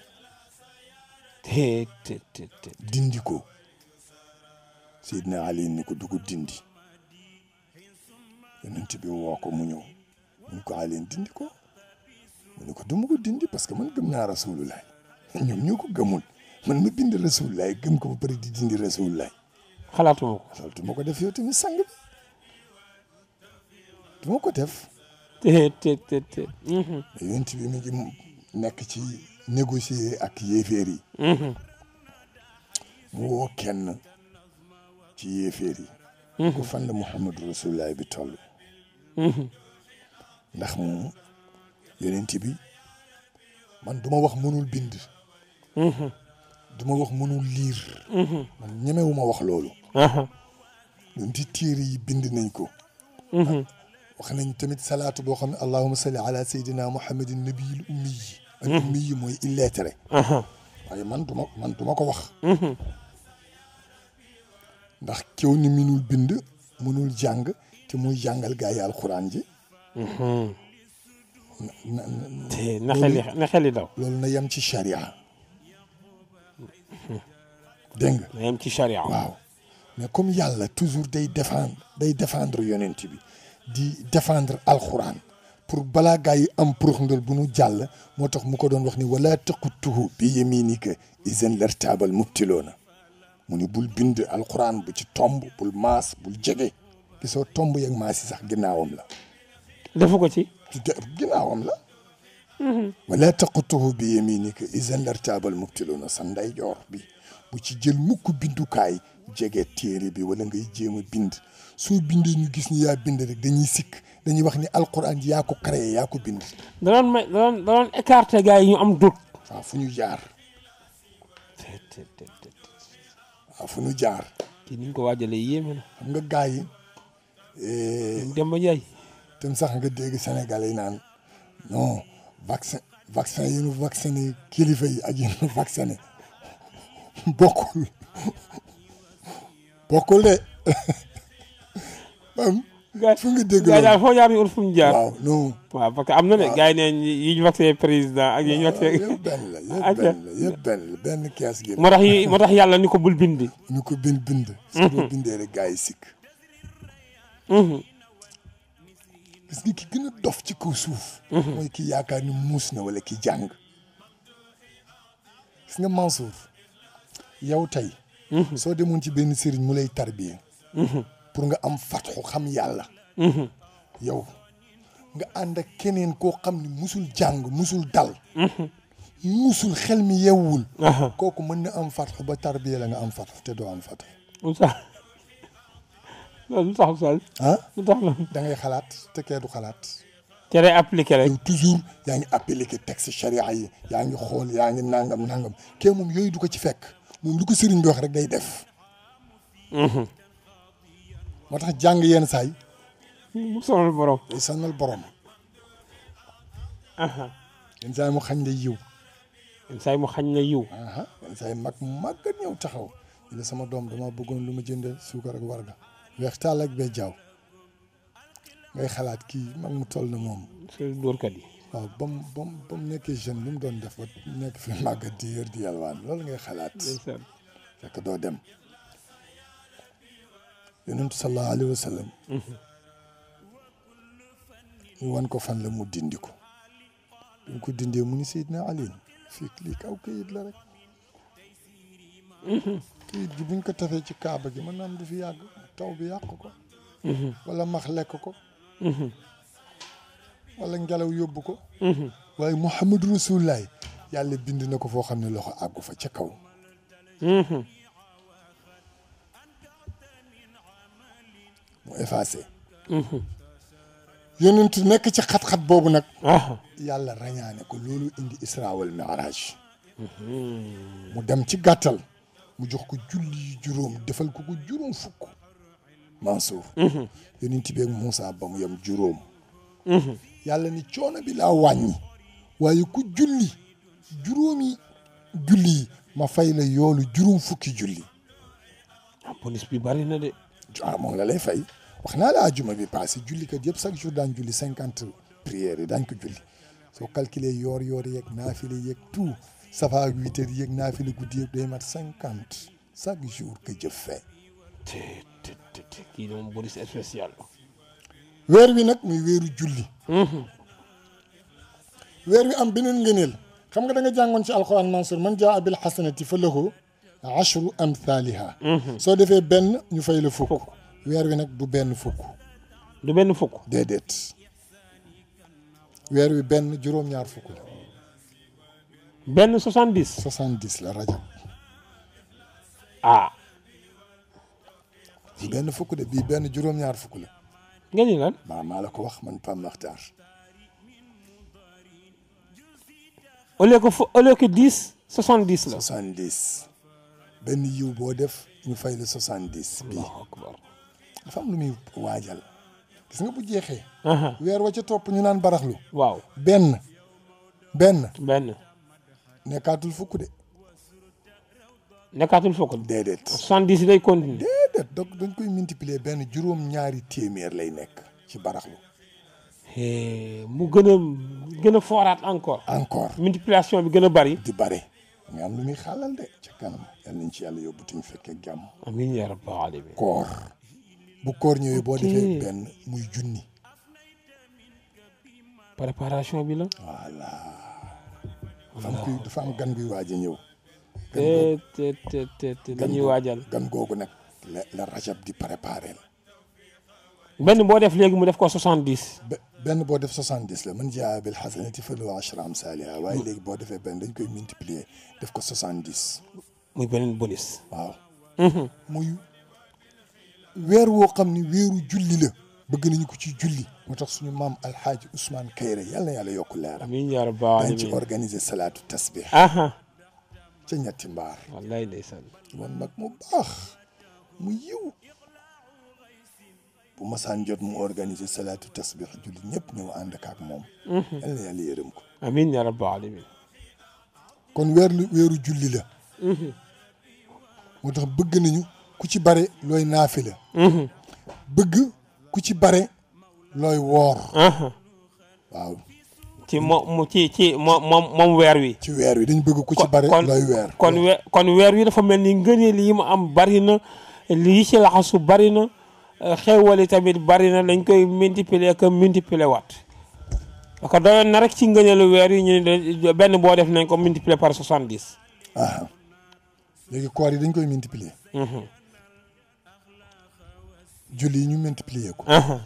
A: te te dindi ko Seydina Aliin ni ko du dindi yonent bi woo ko mu ñëw ñu ko Aliin dindi ko. ma ko du ma ko dindi parce que man gëm naa rasulullah ñoom ñoo ko gëmul man ma bind rasulullah gëm ko ba pare di dindi rasulullah. xalaatuma ko xalaatuma ko def yow tamit sang ko def. te te te te. Mhm. yonent bi ci ak yéeféer yi. Mhm. mu woo kenn ci yéeféer yi. Mhm. ko fan la Muhammadu rasulullah bi toll. ndax moom. yonent bi man du ma wax mënul bind mm-hmm. du ma wax mënul liir mm-hmm. man ñemewuma wax loolu uh-huh. ñun ci téere yi bind nañ ko mm-hmm. wax nañ tamit salaatu boo xam ne allahuma salli ala sayyidina muhammadin nabiyil ummi yi ak ummi yi mooy illettré uh-huh. waaye man duma man duma ko wax ndax kéw ni mënul bind mënul jàng te muy jàngal gaa yi alxuraan ji na na xel yi na xel yi daw. loolu na yem ci charia. dégg nga na ci charia. waaw mais comme yàlla toujours day défendre day défendre yonent bi di defendre alxuraan pour balaa gaa yi am proxndal bu nu jàll moo tax mu ko doon wax ni wala taquttuhu bi yaminika izan lartaabal mubtiloona mu ni bul bind alxuraan bu ci tomb bul maas bul jege soo tomb yeeg maas sax ginnaawam la. ginnaawam la wala taqutuhu bi yaminika izan lartaabal mubtiluuna sa ndeyjoor bi bu ci jël mukk bindukaay jege téere bi wala ngay jéem a bind soo bindee ñu gis ni yaa bind rek dañuy sikk dañuy wax ni alquran yaa ko créé yaa ko bind danoon may danoon danoon yi ñu am dut
B: waaw fu ñu jaar waaw fu ñu jaar
A: kii ni ñu ko waajalee yéeme na xam nga gars yi eh, dem ba njaay tam sax nga dégg Sénégal yi naan non vaccin yi ñu vacciné kilifa yi ak yi ñu vacciné [laughs] bokkul bokkul de. [laughs] gaa nga dégg loolu
B: foo jaar ñu ut jaar. waaw non. parce que am na ne gars yi ne yi ñu vacciné président ak yi ñu vacciné. yëpp benn
A: la [laughs] benn la benn kees gi. moo tax
B: yi yàlla ni ko bul bindi. ni ko bind bind.
A: su ko bindee rek gars sikk. Mhm. gis nga ki gën a dof ci kaw suuf. Mhm. mooy ki yaakaar ni muus na wala ki jàng. gis nga Mansour yow tey. Mhm. soo demoon ci benn sëriñ mu lay tarbiye. Mhm. pour nga am fatxu xam yàlla. yow nga ànd ak keneen koo xam ni musul jàng musul dal. musul xel mi yewwul. kooku mën na am fatxu ba tarbiye la nga am fatxu te doo am fatxu. lu tax Oustaz. ah lu na. da xalaat te kee du xalaat. te day appliqué rek. yow toujours yaa ngi appliqué texte charia yi yaa ngi xool yaa ngi nangam nangam kee moom yooyu du ko ci fekk moom lu ko sëriñ bi wax rek day def. Mm-hmm. moo tax jàng yenn saa mu sonal borom. day borom. yenn mu xañ la yiw. yenn saa yi mu xañ la yiw. yenn mag màggat ñëw taxaw. ñu ne sama doom dama bëggoon lu ma jënd suukar ak warga. weex taal ak bee jaaw ngay xalaat kii mag mu toll na moom. dóorkat yi. waaw ba mu ba mu nekkee jeune lu mu doon def mu nekk fi màggat di yër di yalwaan loolu ngay xalaat. fekk doo dem. yonentu sallallahu alayhi wa sallam. Mhm. ñu ko fan mu dindi ko. ko dindee mu ni Seydina Alioune fii kaw këyit la rek. Mhm. këyit gi buñ ko tafee ci kaaba gi mën naa am fi yàgg. taw bi yàq ko wala max lekk ko wala ngelaw yóbbu ko waaye Muhammadu Rasulullaay yàlla bind na ko foo xam ne loxo àggu fa ca kaw mu effacé yonent nekk ci xat-xat boobu nag yàlla rañaane ko loolu indi isra wal mi'raj mu dem ci gàttal mu jox ko julli juróom defal ko ko juróom fukk Mansour yonent bi ak Moussa bam mu mhm. ni coono bi la wàññi Waye ku julli juróomi julli ma fay fukki ah, bi bari na de ah la lay fay la bi passé chaque jour julli 50 prières yi ko julli calculer yor yek tout ça va 8, heures goudi chaque jour que je fais. kii moom weer wi nag muy weeru julli mhm. weer wi am beneen ngëneel xam nga danga nga jàngoon ci alquran Mansour man jaa abil xasanati fa lahu ashru amthaliha mhm. soo defee benn ñu fay la fukk weer wi nag du benn fukk du benn fukk déedéet weer wi benn juróom-ñaar fukk la benn soixante-dix la rajab ah. benn fukk de bii benn juróom-ñaar fukk la. nga ñu naan. maa maa la ko wax man Pape Makhtar. au ko que fu au lieu soixante dix la. benn yiw boo def ñu fay la soixante dix. bii dafa am lu muy waajal. gis nga bu weer wa topp ñu naan barax waaw benn benn. nekkaatul fukk de. nekkaatul fukk. déedéet. soixante dix day continuer. déedéet donc dañ koy benn juróom-ñaari téeméer lay nekk ci baraxlu mu gën a gën a fooraat encore. encore multiplication bi gën a bari. di bari lu muy xaalal de ca kanam yal nañ ci yàlla yóbbu tuñ fekkee jàmm. amiin yaa rabbal aalamiin. koor bu koor muy junni. bi la. voilà. dafa am kuy dafa am gan guy waaj a ñëw. gan googu nag. la la rajab di préparé la. benn boo def léegi mu def ko 70. benn boo def 70 la man jaa bil xasanati falahu ashra amsaaliha waaye léegi boo defee benn dañ koy multiplier def ko 70. muy beneen bonus. waaw. Mhm. muy weer woo xam ni weeru julli la. bëgg nañu ko ci julli. moo tax suñu maam alxaaji Ousmane Kayre yàlla na yàlla yokk leeram. amiin yaa rabbal aalamiin dañ ci organiser salaatu tasbih. ca ñetti mbaar. wallaay ndeysaan. moom nag mu baax. mu yiw bu masaan jot mu organiser salaatu tasbix julli ñëpp ñëw ànd ak moom mhm. yal na yàlla yërëm kon weer weeru julli la mhm. moo tax bëgg nañu ku ci bare looy naafi la mhm. bëgg ku ci bare looy woor waaw ci moom ci ci weer wi ci weer wi dañ bëgg ku ci bare looy weer
B: kon weer wi dafa mel ni ngëneel yi mu am bari lii ci laxasu bari na eh, xewwali tamit bari na dañ koy multiplier que multiplier waat parce que doyoon na rek ci ngëneelu weer yi ñu benn boo def nañ ko multiplier par
A: soixante dix. waaw ah. léegi yi dañ koy multiplier. Mhm. julli yi ñu multiplier ko. Mhm.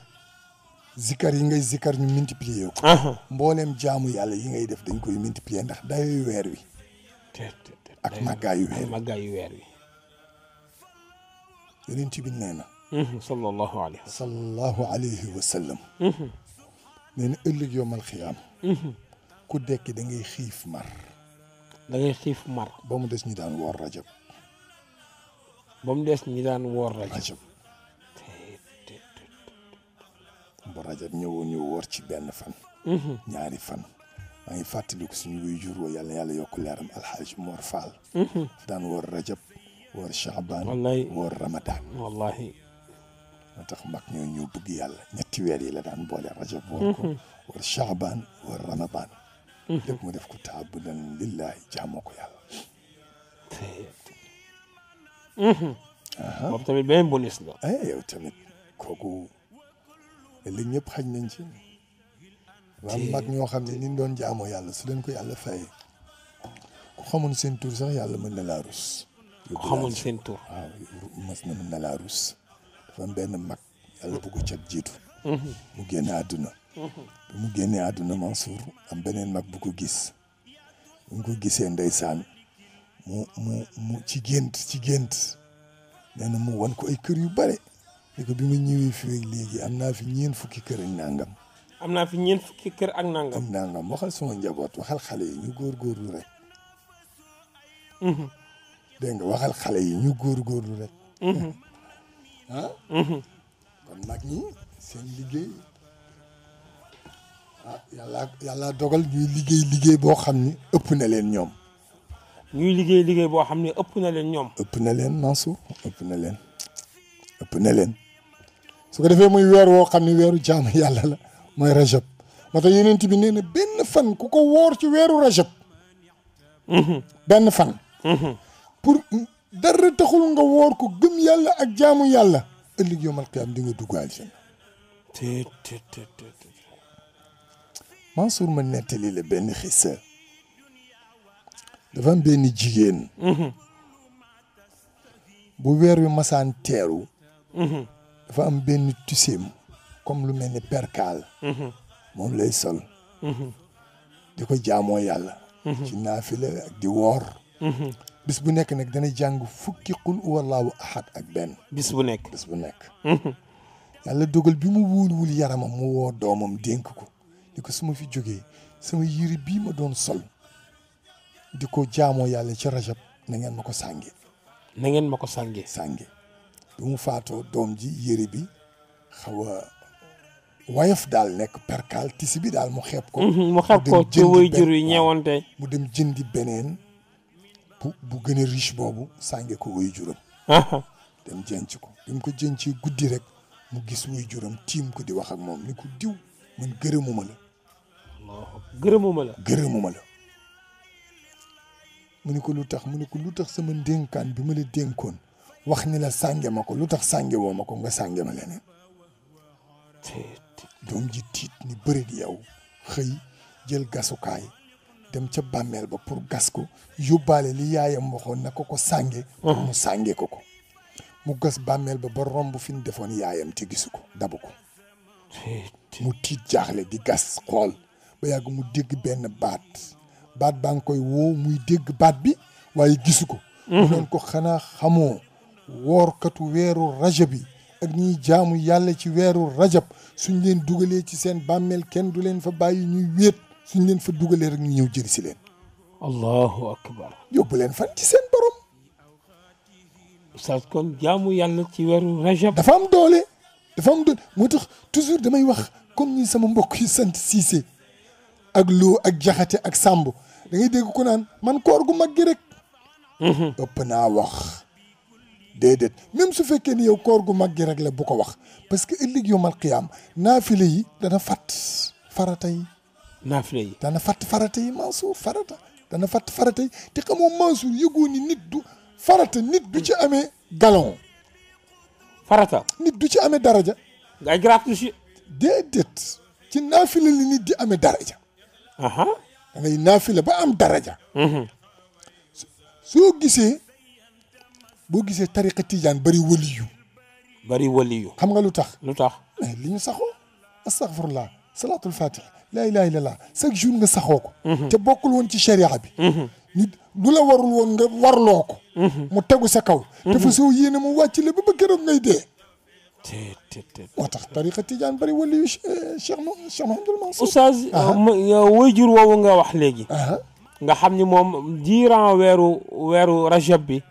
A: zikar yi ngay zikar ñu multiplier ko. Mhm. mbooleem jaamu yàlla yi ngay def dañ koy multiplier ndax dayu weer wi. ak màggaayu
B: weer weer wi.
A: يرنتي بالنانا صلى الله عليه وسلم صلى الله عليه وسلم نين إلي يوم الخيام كودك دنجي خيف مر
B: دنجي خيف مر بوم ديس نيدان وار رجب بوم ديس نيدان وار
A: رجب رجب بو رجب نيو نيو وار تي بن فان نياري فان ماي فاتلي كو سيني وي جورو يالا يالا يوكو ليرم الحاج مورفال دان وار رجب woor Chaabaan woor Ramadan wallahi moo tax mag ñoo ñu bëgg yàlla ñetti weer yi la daan boole rajab woor ko mhm. woor Chaabaan woor Ramadan mhm. lépp mu def ko taabudan lillahi jaamoo ko yàlla mhm. moom tamit beneen bonus la eh, yow tamit kooku li ñëpp xaj nañ ci waaw mag ñoo xam ne ni doon jaamoo yàlla su leen ko yàlla fay ku xamoon seen tur sax yàlla mën na laa rus ku xamul seen tur waaw ah, mas na mën na dafa am benn mag yàlla bu ko cat jiitu mhm. mu génne àdduna mhm. bi mu génnee àdduna Mansour am beneen mag bu ko gis bu mu ko gisee ndeysaan mu mu mu ci gént ci gént nee na mu wan ko ay kër yu bare ni ko bi ma ñëwee fii léegi am naa fi ñeen fukki kër ak nangam am naa fi ñeen fukki kër ak nangam ak nangam waxal sama njaboot waxal xale yi ñu góorgóorlu rek mhm. dégg nga waxal xale yi ñu góorgóorlu rek. Mhm. ah. Mhm. kon mag ñi seen liggéey ah yàllaa yàllaa dogal ñuy liggéey liggéey boo xam ni ëpp na leen ñoom. ñuy liggéey liggéey boo xam ne ëpp na leen ñoom. ëpp na leen Mansour ëpp na leen ëpp na leen su ko defee muy weer woo xam ne weeru jaamu yàlla la mooy rajab moo tax yeneen bi nee na benn fan ku ko wóor ci weeru rajab mhm. benn fan. pour dara taxul nga woor ko gëm yàlla ak jaamu yàlla ëllëg yowmal qiyaam di nga dugg aljanna Mansour ma nettali la benn xisa dafa am benn jigéen mhm. bu weer wi masaan teeru mhm. dafa am benn tuseem comme lu mel ni perkaal mhm. moom lay sol di ko jaamoo yàlla ci naafila ak di woor bis bu nekk nag dana jàng fukki qul huwallaahu ahad ak benn.
B: bis bu nekk bis bu nekk.
A: yàlla dogal bi mu wóoluwul yaramam mu woo doomam dénk ko ni ko su ma fi jógee sama yére bi ma doon sol di ko jaamoo yàlla ci rajab na ngeen ma ko sàngee. na ngeen ma ko sàngee. sàngee bi mu faatoo doom ji yére bi xawa a wayaf daal nekk perkaal tisi bi daal mu xeeb ko. Mhm, mu xeeb ko mu dem jëndi beneen. bu bu gën a riche boobu sànge ko wuyu juróom. Uh-huh. dem jënc ko bi mu ko jëncee guddi rek mu gis wuyu juróom tiim ko di wax ak moom ni ko diw man gërëmuma la. gërëmuma la mu ni ko lu tax mu ni ko lu tax sama ndénkaan bi ma la dénkoon wax ni la sànge ma ko lu tax sànge woo ma ko nga sànge ma leneen. doom ji tiit ni bëri di yow xëy jël gasukaay dem ca bàmmeel ba pour gas ko yóbbaale li yaayam waxoon na ko ko sànge mu sànge ko ko mu gas bàmmeel ba ba romb fi ñu defoon yaayam te gisu ko dabu ko mu tiit jaaxle di gas xool ba yàgg mu dégg benn baat baat baa ngi koy woo muy dégg baat bi waaye gisu ko mu doon mhm. ko xanaa xamoo woorkatu weeru rajab bi ak ñiy jaamu yàlla ci weeru rajab suñ leen dugalee ci seen bàmmeel kenn du leen fa bàyyi ñuy wéet suñ leen fa dugalee rek ñu ñëw jëli si leen. allahu akbar. yóbbu leen fan ci seen borom. oustaz kon jaamu yàlla ci weeru rajab. dafa am doole dafa am doole moo tax toujours damay wax comme ni sama mbokk yi sant Cissé ak Lo ak Jaxate ak Samb da ngay dégg ko naan man koor gu mag gi rek. ëpp naa wax. déedéet même su fekkee ni yow koor gu mag gi rek la bu ko wax parce que ëllëg yomal qiyaam naafile yi dana fàtt farata yi. naafile yi dana fàtt farata yi Mansour farata dana fàtt farata yi te xamoo Mansour ni nit du farata nit du ci amee galon farata nit du ci amee daraja ay gratu ci naafile nit di amee daraja aha da ba am daraja mhm. soo gisee boo gisee tariqa tijaan bari waliyu bari waliyu xam nga lu tax lu tax mais eh, li ñu saxoo astaghfirullah salaatul fatiha laa ilaaha illallaah chaque jour nga saxoo ko. Mhm. te bokkul woon ci sharia bi. Mhm. nit lu la warul woon nga warloo ko. Mhm. mu tegu sa kaw. te fa soo yéene mu wàcc la ba ba keroog ngay dee. moo tax tariqa tijaan bëri wala yu eh, Cheikh Cheikh Mouhamadul
B: Mansour. oustaz euh, waajur woowu nga wax léegi. nga xam ni moom diiran weeru weeru rajab bi.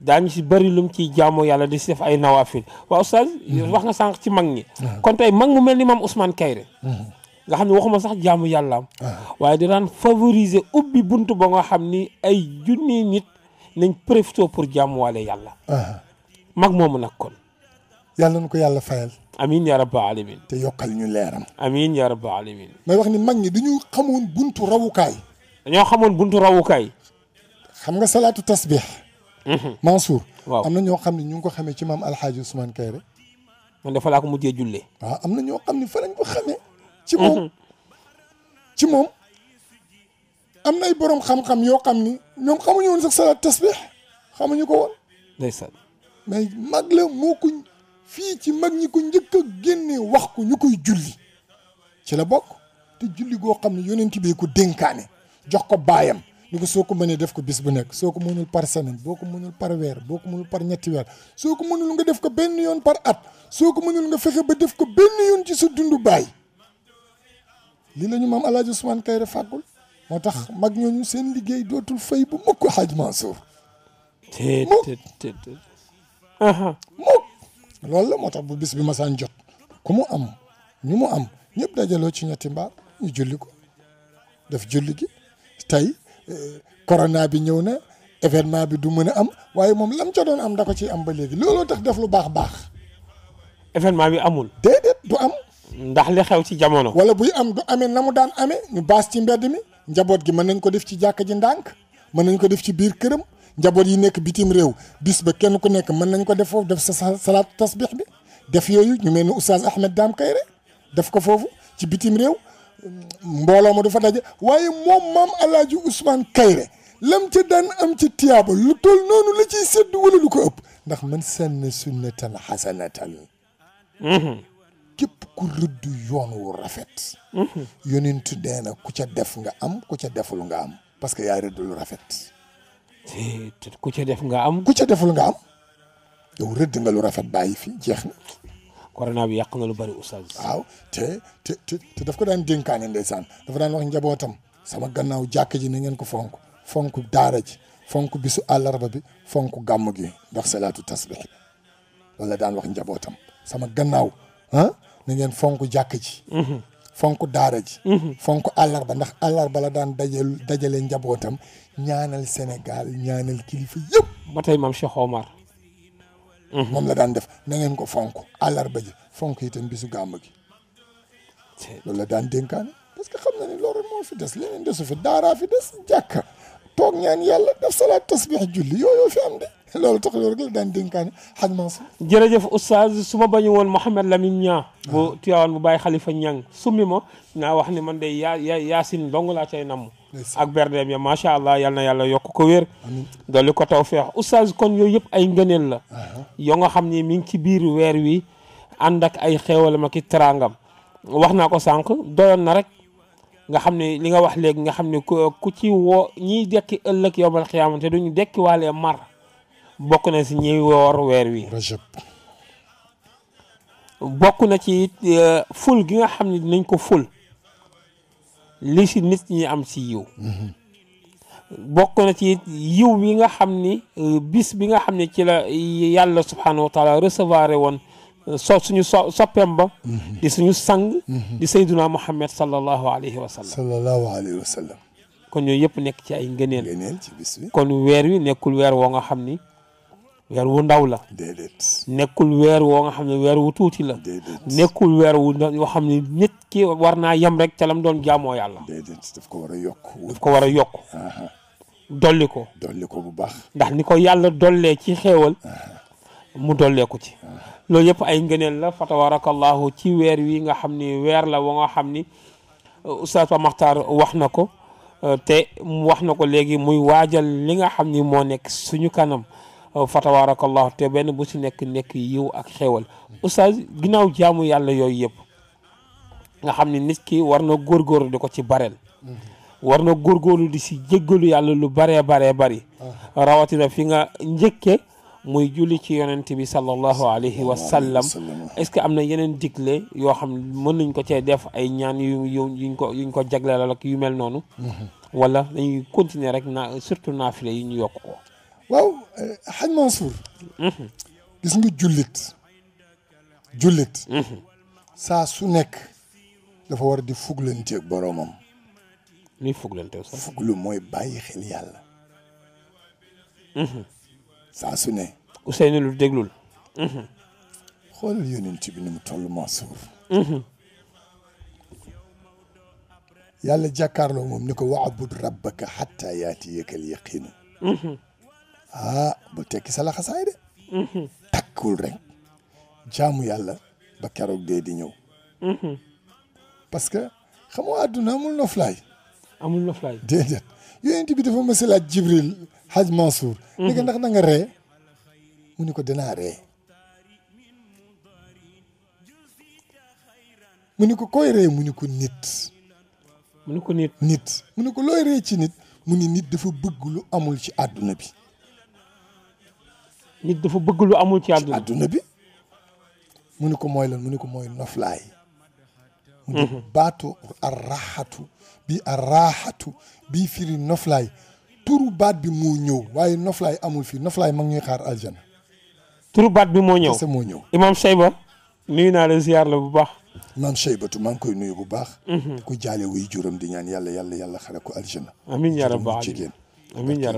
B: daañu si bëri lum ciy jaamu yàlla di si def ay nawafil waaw oustaz. wax nga sànq ci mag ñi. kon tey mag mu mel ni maam Ousmane Kayre. nga xamni waxuma sax jaamu yalla waye di dinaan favoriser ubbi buntu ba nga xamni ay jooni nit nañ profité pour jaamu jaamuwaale yàlla mag momu nak kon
A: yàlla nuko yàlla fayal
B: amin ya rabbal alamin te yokal ñu leeram amin ya rabbal alamin
A: may wax ni mag ñi duñu xamone buntu rawukay dañu xamone buntu rawukay xam nga salatu tasbih Mansour amna ño xamni ñu ko xamé ci mam alhaji usman Kayre man dafa laa ko mujjee jullee waaw am na fa lañ ko xamé ci moom mhm. ci moom am na ay borom xam-xam yoo xam ni ñoom xamuñu woon sax salaat tasbih xamuñu ko woon. ndeysaan mais mag la moo ko fii ci mag ñi ko njëkk a génne wax ko ñu koy julli ci la bokk te julli goo xam ne yonent bi ko dénkaane jox ko baayam ni ko soo ko mënee def ko bis bu nekk soo ko mënul par semaine boo ko mënul par weer boo ko mënul par ñetti weer soo ko mënul nga def ko benn yoon par at soo ko mënul nga fexe ba def ko benn yoon ci su dundu baay. li la maam El Hadj Ousmane Kayre fàggul moo tax mag ñooñu seen liggéey dootul fay bu mukk Hadj Mansour. mukk mukk loolu la moo tax bu bis bi masaan jot ku mu am ñu mu am ñëpp dajaloo ci ñetti mbaar ñu julli ko def julli gi tey eh, corona bi ñëw na événement bi du mën a am waaye moom lam ca doon am da ko ciy am ba léegi looloo tax def lu baax baax. événement bi amul. déedéet du am. ndax li xew
B: ci jamono wala
A: buy am du amé namu daan amé ñu baas ci mbedd mi njaboot gi mën nañ ko def ci jàkk ji ndànk mën nañ ko def ci biir këram njaboot yi nekk bitim réew bis ba kenn ku nekk mën nañ ko def foofu def sa salaatu tasbix bi def yooyu ñu mel ni oustaz ahmed daam kayre def ko foofu ci bitim réew mbooloo ma du fa daje waaye moom maam alaaji ousmane kayre lam ca daan am ci tiyaaba lu tol noonu la ciy sédd wala lu ko ëpp ndax man sànn sunnatan xasanatan képp ku rëdd yoon wu rafet. Mhm. yonentu nee na ku def nga am ku ca deful nga am parce que yaay rëdd lu rafet. te ku ca def nga am. ku ca deful nga am. yow rëdd nga lu rafet bàyyi fi jeex na. corona bi yàq na lu bari oustaz. waaw te te te daf ko daan dénkaane ndeysaan dafa daan wax njabootam sama gannaaw jàkk ji na ngeen ko fonk fonk daara ji fonk bisu àllarba bi fonk gàmm gi ndax salaatu tasbih wala daan wax njabootam sama gannaaw ah? na ngeen fonk jàkk ji mhm. fonk daara ji mhm. fonk àllarba ndax àllarba la daan dajal dajale njabootam ñaanal Sénégal ñaanal kilifa yëpp ba tey maam Cheikh Omar mhm. moom la daan def nangeen ko fonk àllarba ji fonk itam bisu gàmm gi loolu la daan dénkaane parce que xam na ne loolu moo fi des leneen desu fi daaraa fi des jàkka toog ñaan yàlla def salaat tasbix julli yooyoo fi am de loolu tax loolu la daan dénkaane xaj Mansour jërëjëf
B: oustaz su ma bañu woon Mouhamed Lamine Niang bu ah. Tiwaawan bu Baye xalifa Niang summi ma naa wax ni man de yaa yaasin dong laa cay namm ak berdeem ya macha allah yal na yàlla yokk ko wér dolli ko taw feex oustaz kon yooyu yëpp ay ngëneel la ah ah. yoo nga xam ni mi ngi ci biir weer wi ànd ak ay xeewalam ak i teraangam wax naa ko sànq doyoon na rek nga xam ne li nga wax léegi nga xam ne ku ci woo ñiy dekki ëllëg yowmal xiyaamate duñu dekki waalee bokk na si ñi woor weer wi bokk na ci euh, ful gi nga xam ne dinañ ko ful li si nit ñi am si yiw mhm. bokk na ci yiw bi nga xam ni euh, bis bi nga xam ne ci la yàlla subhanahu wa taala recevoir woon euh, so suñu so soppeem ba mhm. di suñu sang mhm. di sayduna muhammad sallallahu alayhi wa sallam sallallahu kon yooyu yëpp nekk ci ay ngëneel kon weer wi nekkul weer woo nga xam ni weer wu ndaw la. nekkul weer woo nga xam ne weer wu tuuti la. nekkul weer wu yoo xam ne nit ki war naa yem rek ca lam doon jaamoo yàlla.
A: déedéet daf ko war a yokk. daf ko war ko. dolli ko bu baax.
B: ndax ni ko yàlla dollee ci xéewal. mu dollee ko ci. loolu yëpp ay ngëneel la fa tabarakallahu ci weer wi nga xam ni weer la wa nga xam ni uh, Oustaz Pape Makhtar wax na ko uh, te wax na ko léegi muy waajal li nga xam ni moo nekk suñu kanam. Euh, fa tabaarakallahu te benn bu si nekk nekk yiw ak xéewal oustaz ginnaaw jaamu yàlla yooyu yëpp nga xam ne nit ki war na góor góor di ko ci bareel war na góor góorgóorlu di si jéggalu yàlla lu baree baree bari rawatina fi nga njëkke muy julli ci yeneen bi sallallahu alayhi wa sallam est-ce que am na yeneen digle yoo xam mën nañ ko cee def ay ñaan yu yuñ ko yuñ ko jagleel yu mel noonu mhm. wala dañuy continuer rek naa surtout naafile yi ñu yokk ko
A: واو حد منصور جس نقول جلت جلت سا سونك دفا وار دي فوغلنتي بروم ني فوغلنتي صح فوغل موي باي خيل يالا سا سوني حسين لو دغلول خول يونتي بن متول منصور يالا جاكارلو موم نيكو وعبد ربك حتى ياتيك اليقين ah ba tekki sa laxasaay de. takkul rek jaamu yàlla ba keroog dee di ñëw. parce que xam nga àdduna amul noflaay. amul noflaay déedéet yonent bi dafa mës a laaj Jibril ni ko ndax na ree mu ni ko danaa ree. mu ni ko koy ree mu ni ko nit. mu ni nit mu ni ko looy ree ci nit mu ni nit dafa bëgg lu amul ci àdduna bi. nit dafa bëgg lu amul ci àdduna àdduna bi mu ni ko mooy lan mu ni ko mooy noflaay mu ni mhm. baatu ar raxatu bi ar raxatu bii firi noflaay turu baat bi moo ñëw waaye noflaay amul fii noflaay mag ñuy xaar aljana turu baat bi moo ñëw kese moo ñëw
B: imaam Seyba nuyu naa la ziar la bu baax
A: imaam Seybatu maa koy nuyu bu baax mhm. ku jaale wuy juram di ñaan yàlla yàlla yàlla xare ko aljana amiin yaa rabbal aalamiin amiin yaa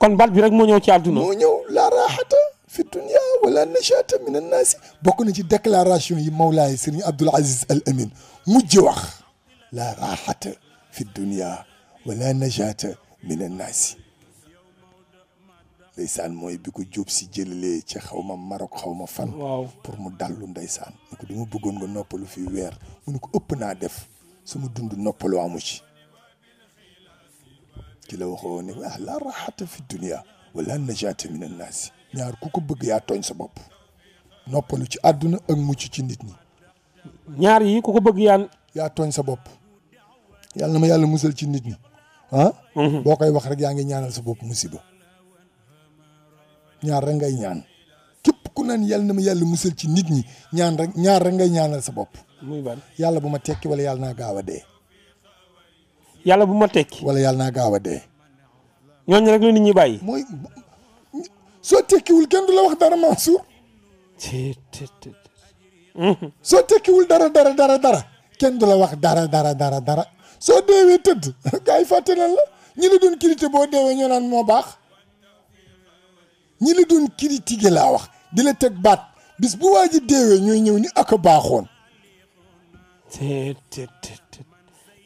A: kon baat bi rek mo ñëw ci aduna mo ñëw la rahata fi dunya wala nashata min an-nas bokku na ci déclaration yi Mawlaay serigne Abdul Aziz Al Amin mujj wax la rahata fi dunya wala nashata min an-nas ndaysan moy bi ko jóob ci jëlele ci xawma ma Maroc xaw fan pour mu dalu ndaysan ko dama bëggon nga noppalu fi wër mu ko ëpp na def sama dund noppalu amu ci ki la waxoon ne ah la raxata fi dunia wala najaata min annaasi ñaar ku ko bëgg yaa tooñ sa bopp noppalu ci àdduna ak mucc ci nit ñi ñaar yi ku ko bëgg yaan yaa tooñ sa bopp yàlla ma yàlla musal ci nit ñi ah mhm. boo koy yaa ngi ñaanal sa bopp musiba ñaar rek ngay ñaan képp ku naan na ma yàlla musal ci nit ñi ñaan rek ñaar rek ngay ñaanal sa bopp muy ban yàlla bu ma tekki wala yàlla naa gaaw a dee
B: yàlla bu ma tekki. wala yàlla naa gaaw a dee. ñooñu rek la nit ñi bàyyi. mooy
A: soo tekkiwul kenn du la wax dara Mansour. Hmm. soo tekkiwul dara dara dara dara kenn du la wax dara dara dara dara soo deewee tëdd [laughs] gars fàtte nañ la ñi la doon critiquer boo deewee ñoo naan moo baax ñi la doon critiquer laa wax di la teg baat bis bu waa deewee ñooy ñëw ni ak baaxoon.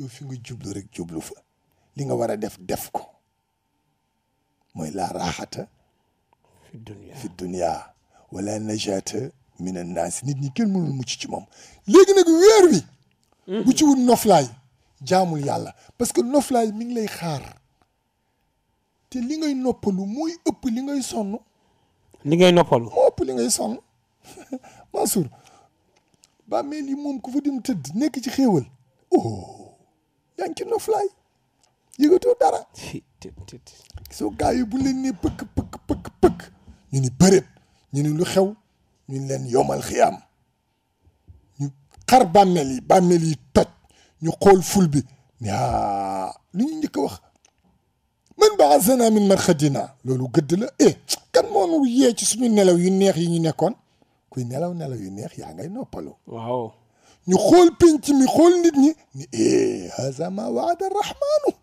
A: yow fi nga jublu rek jublu fa li nga war a def def ko mooy laa raaxata fi dunya fi dunya wala najaata min an naas nit ñi kenn mënul mucc ci moom léegi nag weer wi bu ci wut noflaay jaamul yàlla parce que noflaay mi ngi lay xaar te li ngay noppalu mooy ëpp li ngay sonn li ngay noppalu moo ëpp li ngay sonn [laughs] Mansour bàmmeel yi moom ku fa dem tëdd nekk ci xéewal oh yaa ngi ci noflaay yëgatoo dara. soo gars yi bu leen nee pëkk pëkk pëkk ñu ni bëreet ñu ni lu xew ñu leen yomal xiyaam ñu xar bàmmeel yi bàmmeel yi toj ñu xool ful bi yaa li ñu njëkk wax man ba'athana min marxadina loolu gëdd la eh kan moo yee ci suñu nelaw yu neex yi ñu nekkoon kuy nelaw nelaw yu neex yaa ngay noppalu نخول بنتي نخول نتني ايه هذا ما وعد الرحمن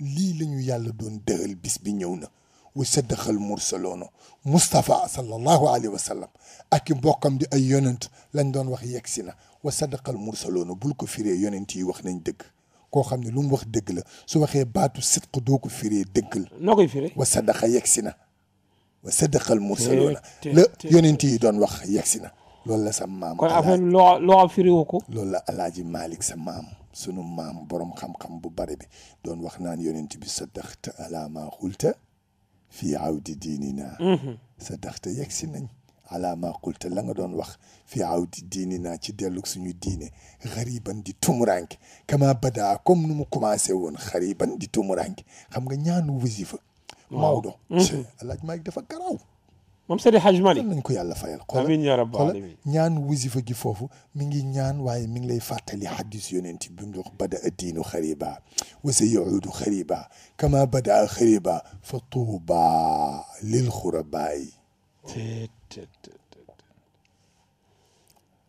A: لي لنيو يالا دون دغل بس بنيونا وصدق المرسلون مصطفى صلى الله عليه وسلم اكي بوكم دي اي يوننت لن دون وخ يكسينا وصدق المرسلون بولكو فيري يوننتي وخ نين دك كو خامني لوم وخ دك لا سو وخي باتو صدق دوكو فيري دكل نوكي فيري وصدق يكسينا وصدق المرسلون لا يوننتي دون وخ يكسينا loolu la sa maam. kon affaire bi loo loo firiwu ko. loolu la alaaji Malick sa maam sunu maam boroom xam-xam bu bari bi doon wax naan yonent bi sadaxta ala maa xulta fii awdi diininaa. Mhm. sadaxta yegg si nañ. ala maa xulta la nga doon wax fii awdi naa ci dellug suñu diine xariban di tumuranke kama badaa comme nu mu commencé woon xariban di tumuranke xam nga ñaanu wasifa. Maodo. Mhm. Alaaji Malick dafa garaaw. moom Seydi Hadj Malick nañ ko yàlla fayal xool amiin yaa rabbal alamin ñaan wasifa gi foofu mi ngi ñaan waaye mi ngi lay fàttali xadis yonent bi mu wax bada a diinu xariba wa sa yaudu xariba kama bada a xariba fa tuuba lil xurabaay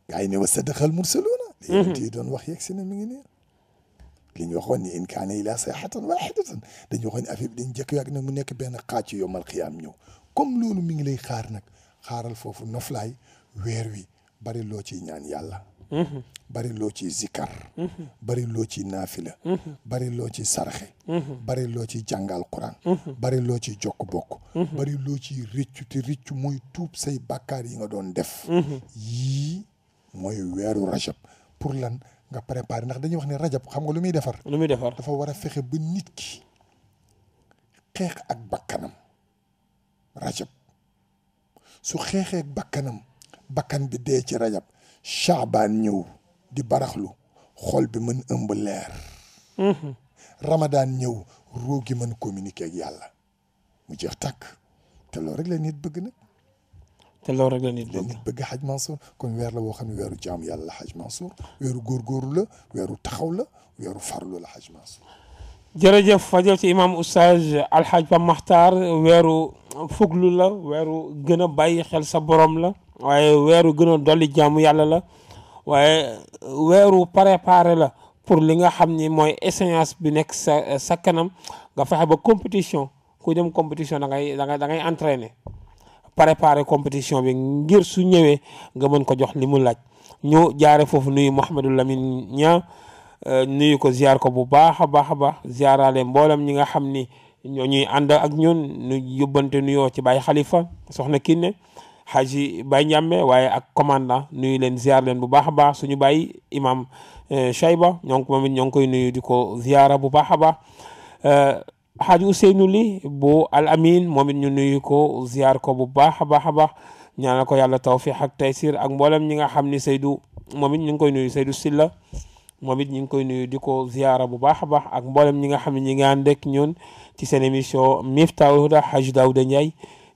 A: gaa yi ne wa sadaqa al mursaluuna la yonent yi doon wax yegg si ne mi ngi nii li ñu waxoon ni in kaana ilaa sayhatan waahidatan dañu waxoon ni affaire bi dañ jëkk yàgg nag mu nekk benn xaaj ci yomal xiyaam ñëw comme loolu mi ngi lay xaar nag xaaral foofu noflaay weer wi bari loo ciy ñaan yàlla mhm. bari loo ci zikkar mhm. bari loo ci naafila mhm. bari loo ci saraxe bari loo ci jàngal quran bari loo ci jokk bokk bari loo ci rëccu te rëccu mooy tuub say bàkkaar yi nga doon def yii mooy weeru rajab pour lan nga préparé ndax dañuy wax ne rajab xam nga lu muy defar. lu muy defar dafa war a fexe ba nit ki xeex ak bakkanam rajab su xeexee bakkanam bakkan bi dee ci rajab shaabaan ñëw di baraxlu xol bi mën ëmb leer. Mhm. ramadaan ñëw roo gi mën communiquer ak yàlla mu jeex tàkk te loolu rek la nit bëgg nag. te loolu rek la nit bëgg bëgg xaj Mansour kon weer la woo xam ne weeru jaamu yàlla la xaj Mansour weeru góorgóorlu la weeru taxaw la weeru farlu la xaj Mansour jërëjëf fajal
B: ci imaam oustaz alxaj ba maxtaar weeru fuglu la weeru gën a bàyyi xel sa borom la waaye weeru gën a dolli jaamu yàlla la waaye weeru préparé la pour li nga xam ni mooy échéance bi nekk sa sa kanam nga fexe ba compétition ku dem compétition da ngay da ngay da ngay entraîner préparer compétition bi ngir su ñëwee nga mën ko jox li mu laaj ñu jaare foofu nuyu Mouhamadou Lamine Niang euh, nuyu ko ziar ko bu baax a baax a baax ziarale mboolem ñi nga xam ni ñoo ñuy ànd ak ñun ñu yóbbante nuyoo ci Baye Khalifa soxna Kiné Haji Baye Ndiambe waaye ak commandant nuyu leen ziar leen bu baax a baax suñu Baye imam euh, Chayba ñoo ngi moom it ñoo ngi koy nuyu di ko ziara bu baax a baax. Euh, xaaju Ousseynou Ly bu Al Amin moom it ñu nuyu ko ziar ko bu baax a baax a baax ñaanal ko yàlla tawfiq ak taysir ak mboolem ñi nga xam ni Seydou moom ñu ngi koy nuyu Seydou Silla moom it ñu ngi koy nuyu di ko ziara bu baax a baax ak mboolem ñi nga xam ne ñi nga ànd ñun ci seen émission Miftahul Huda Haji Daouda Ndiaye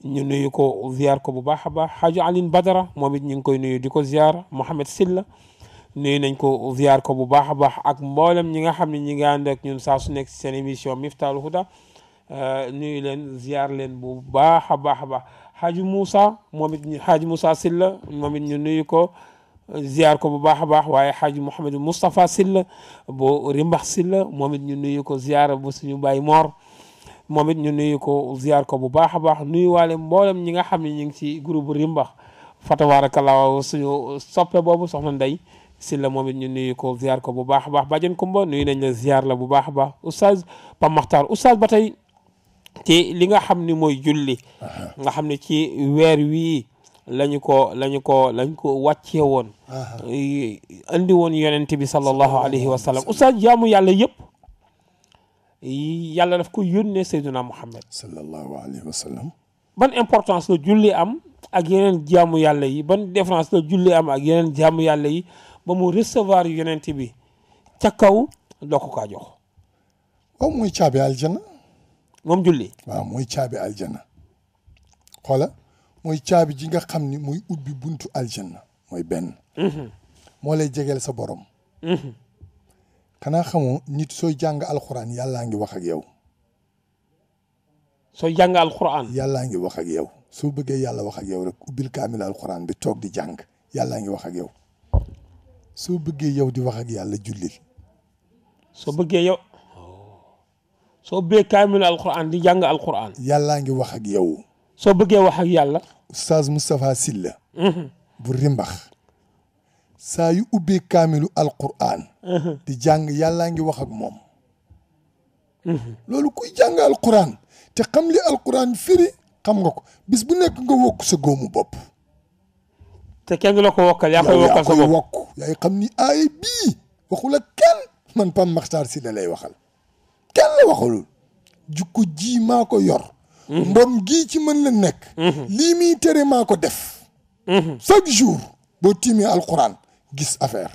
B: ñu nuyu ko ziar ko bu baax a baax xaaju Aline Badara moom it ñu ngi koy nuyu di ko ziar Mohamed Silla nuyu nañ ko ziar ko bu baax a baax ak mboolem ñi nga xam ne ñi nga ànd ñun saa su nekk si seen émission Miftahoul Houda euh, nuyu leen ziar leen bu baax a baax a baax Hadji Moussa moom it Hadji Moussa Sylla moom it ñu nuyu ko ziar ko bu baax a baax waaye Hadji Mouhamadou Moustapha Sylla bu Rimbax Sylla moom it nuyu ko ziar bu suñu bàyyi moor moom it ñu nuyu ko ziar ko bu baax a baax nuyu waale mboolem ñi nga xam ne ñu ngi ci groupe Rimbax fa tabaarakallaa suñu soppe boobu soxna Ndey si la moom it nuyu ko ziar ko bu baax a baax Badiane Kumba nuyu nañ la la bu baax a baax oustaz Pape Makhtar oustaz ba tey li nga xam ni mooy julli. nga xam ne ci weer wii lañu ko lañu ko lañ ko wàccee woon. andi woon yonent bi sallallahu alayhi wa sallam oustaz jaamu yàlla yëpp yàlla daf ko yónnee Seydina Muhammad. sallallahu alayhi wa ban importance la julli am ak jaamu yàlla yi ban différence la julli ak yeneen jaamu yàlla yi. ba mu recevoir yonent bi ca kaw doo ko
A: jox. waaw mooy caabi aljana. moom julli. waaw mooy caabi aljana. xoola mooy caabi ji nga xam ni mooy ubbi buntu aljana mooy benn. Mhm. moo lay jegeel sa borom. Mhm. xanaa xamoo nit sooy jàng alxuraan yàllaa ngi wax ak yow. sooy jàng alxuraan. yàllaa ngi wax ak yow. soo bëggee yàlla wax ak yow rek ubbil kaamil alxuraan bi toog di jàng yàllaa ngi wax ak yow. soo bëggee yow di wax ak yàlla jullil soo bëggee yow soo bee
B: kaamil alquran di jàng alquran
A: yàllaa ngi wax ak yow soo bëggee wax ak yàlla oustaz Moustapha mhm. bu rimbax saa yu ubbee kaamilu alquran mhm. di jàng yàllaa ngi wax ak moom mhm. loolu kuy jàng alquran te xam li alquran firi xam nga ko bis bu nekk nga wokk sa góomu bopp te kenn du
B: la ko wokkal yaay
A: xam ni aaya bii waxul ak kenn man Pape Makhtar si la lay waxal kenn la waxalul jukko ji maa ko yor mhm. mbom gii ci mën la nekk mhm. lii muy tere maa ko def mhm. chaque jour boo tiimee alquran gis affaire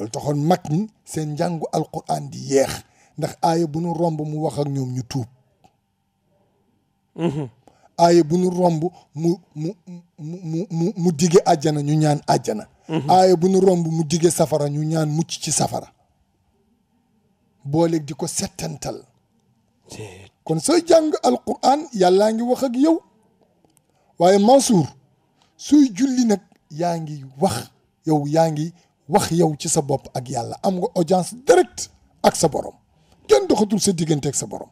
A: loolu mag seen njàngu alquran di yeex ndax aaya bu nu romb mu wax ak ñoom ñu tuub aaye bu nu romb mu mu mu mu mu dige àjjana ñu ñaan àjjana mhm. aaye bu nu romb mu dige safara ñu ñaan mucc ci safara booleeg di ko settantal kon sooy jàng alquran yàllaa ngi wax ak yow waaye Mansour suy julli nag yaa ngi wax yow yaa ngi wax yow ci sa bopp ak yàlla am nga audience direct ak sa borom kenn doxatul sa digganteek sa borom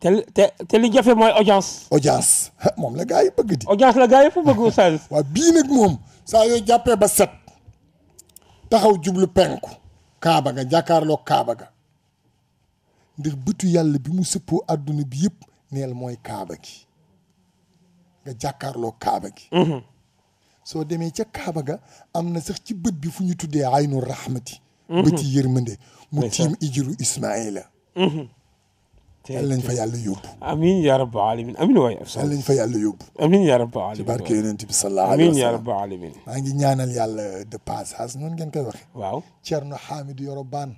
A: te te li jafe mooy audience. audience moom la gars yi bëgg di. audience la gars yi fu bëgg Oustaz. [laughs] bii nag moom saa yooy jàppee ba set taxaw jublu penku. Kaaba ga jàkkaarloo Kaaba ga ndax bëtu yàlla bi mu sëppoo àdduna bi yëpp neel mooy Kaaba gi nga jàkkaarloo Kaaba gi. Mhm. soo demee ca Kaaba ga am na sax ci bët bi fu ñu tuddee aynu rahmati. Mhm. bëti yërmande mu tiim ijiru Ismaila. Mhm. yàlla nañ fa yàlla yóbbu
B: amin ya rabbal alamin amin waay yàlla nañ fa yàlla yóbbu amin ya rabbal alamin ci barke yonent bi sallallahu alayhi amin ya rabbal alamin
A: maa ngi ñaanal yàlla de passage noonu ngeen koy waxe waaw Thierno Hamidou Yoro Bane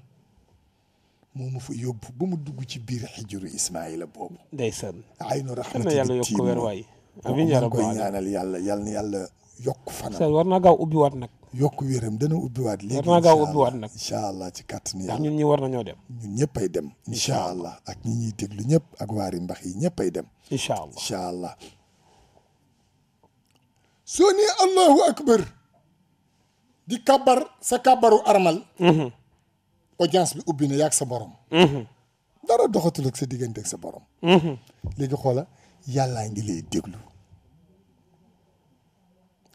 A: moo ma fa yóbbu ba mu dugg ci biir xijuru Ismaïla boobu ndeysaan aynu rahmati yàlla yokk weer waay amin ya rabbal alamin ñaanal yàlla yàlla na yàlla yokk fanam seen
B: war naa gaaw ubbiwaat nag yokk wéram dana ubbiwaat léegi war naa gaaw ubbiwaat
A: nag incha allah ci kàttanu yàlla ndax ñun ñi war nañoo dem ñun ñëppay dem incha allah ak ñi ñuy déglu ñëpp ak yi mbax yi ñëppay dem incha allah incha allah soo nee allahu akbar di kabar sa kabaru armal mhm. audience bi ubbi na yaag sa borom mhm. dara doxatul ak sa diggante ak sa borom mhm. léegi xoola yàllaa ngi lay déglu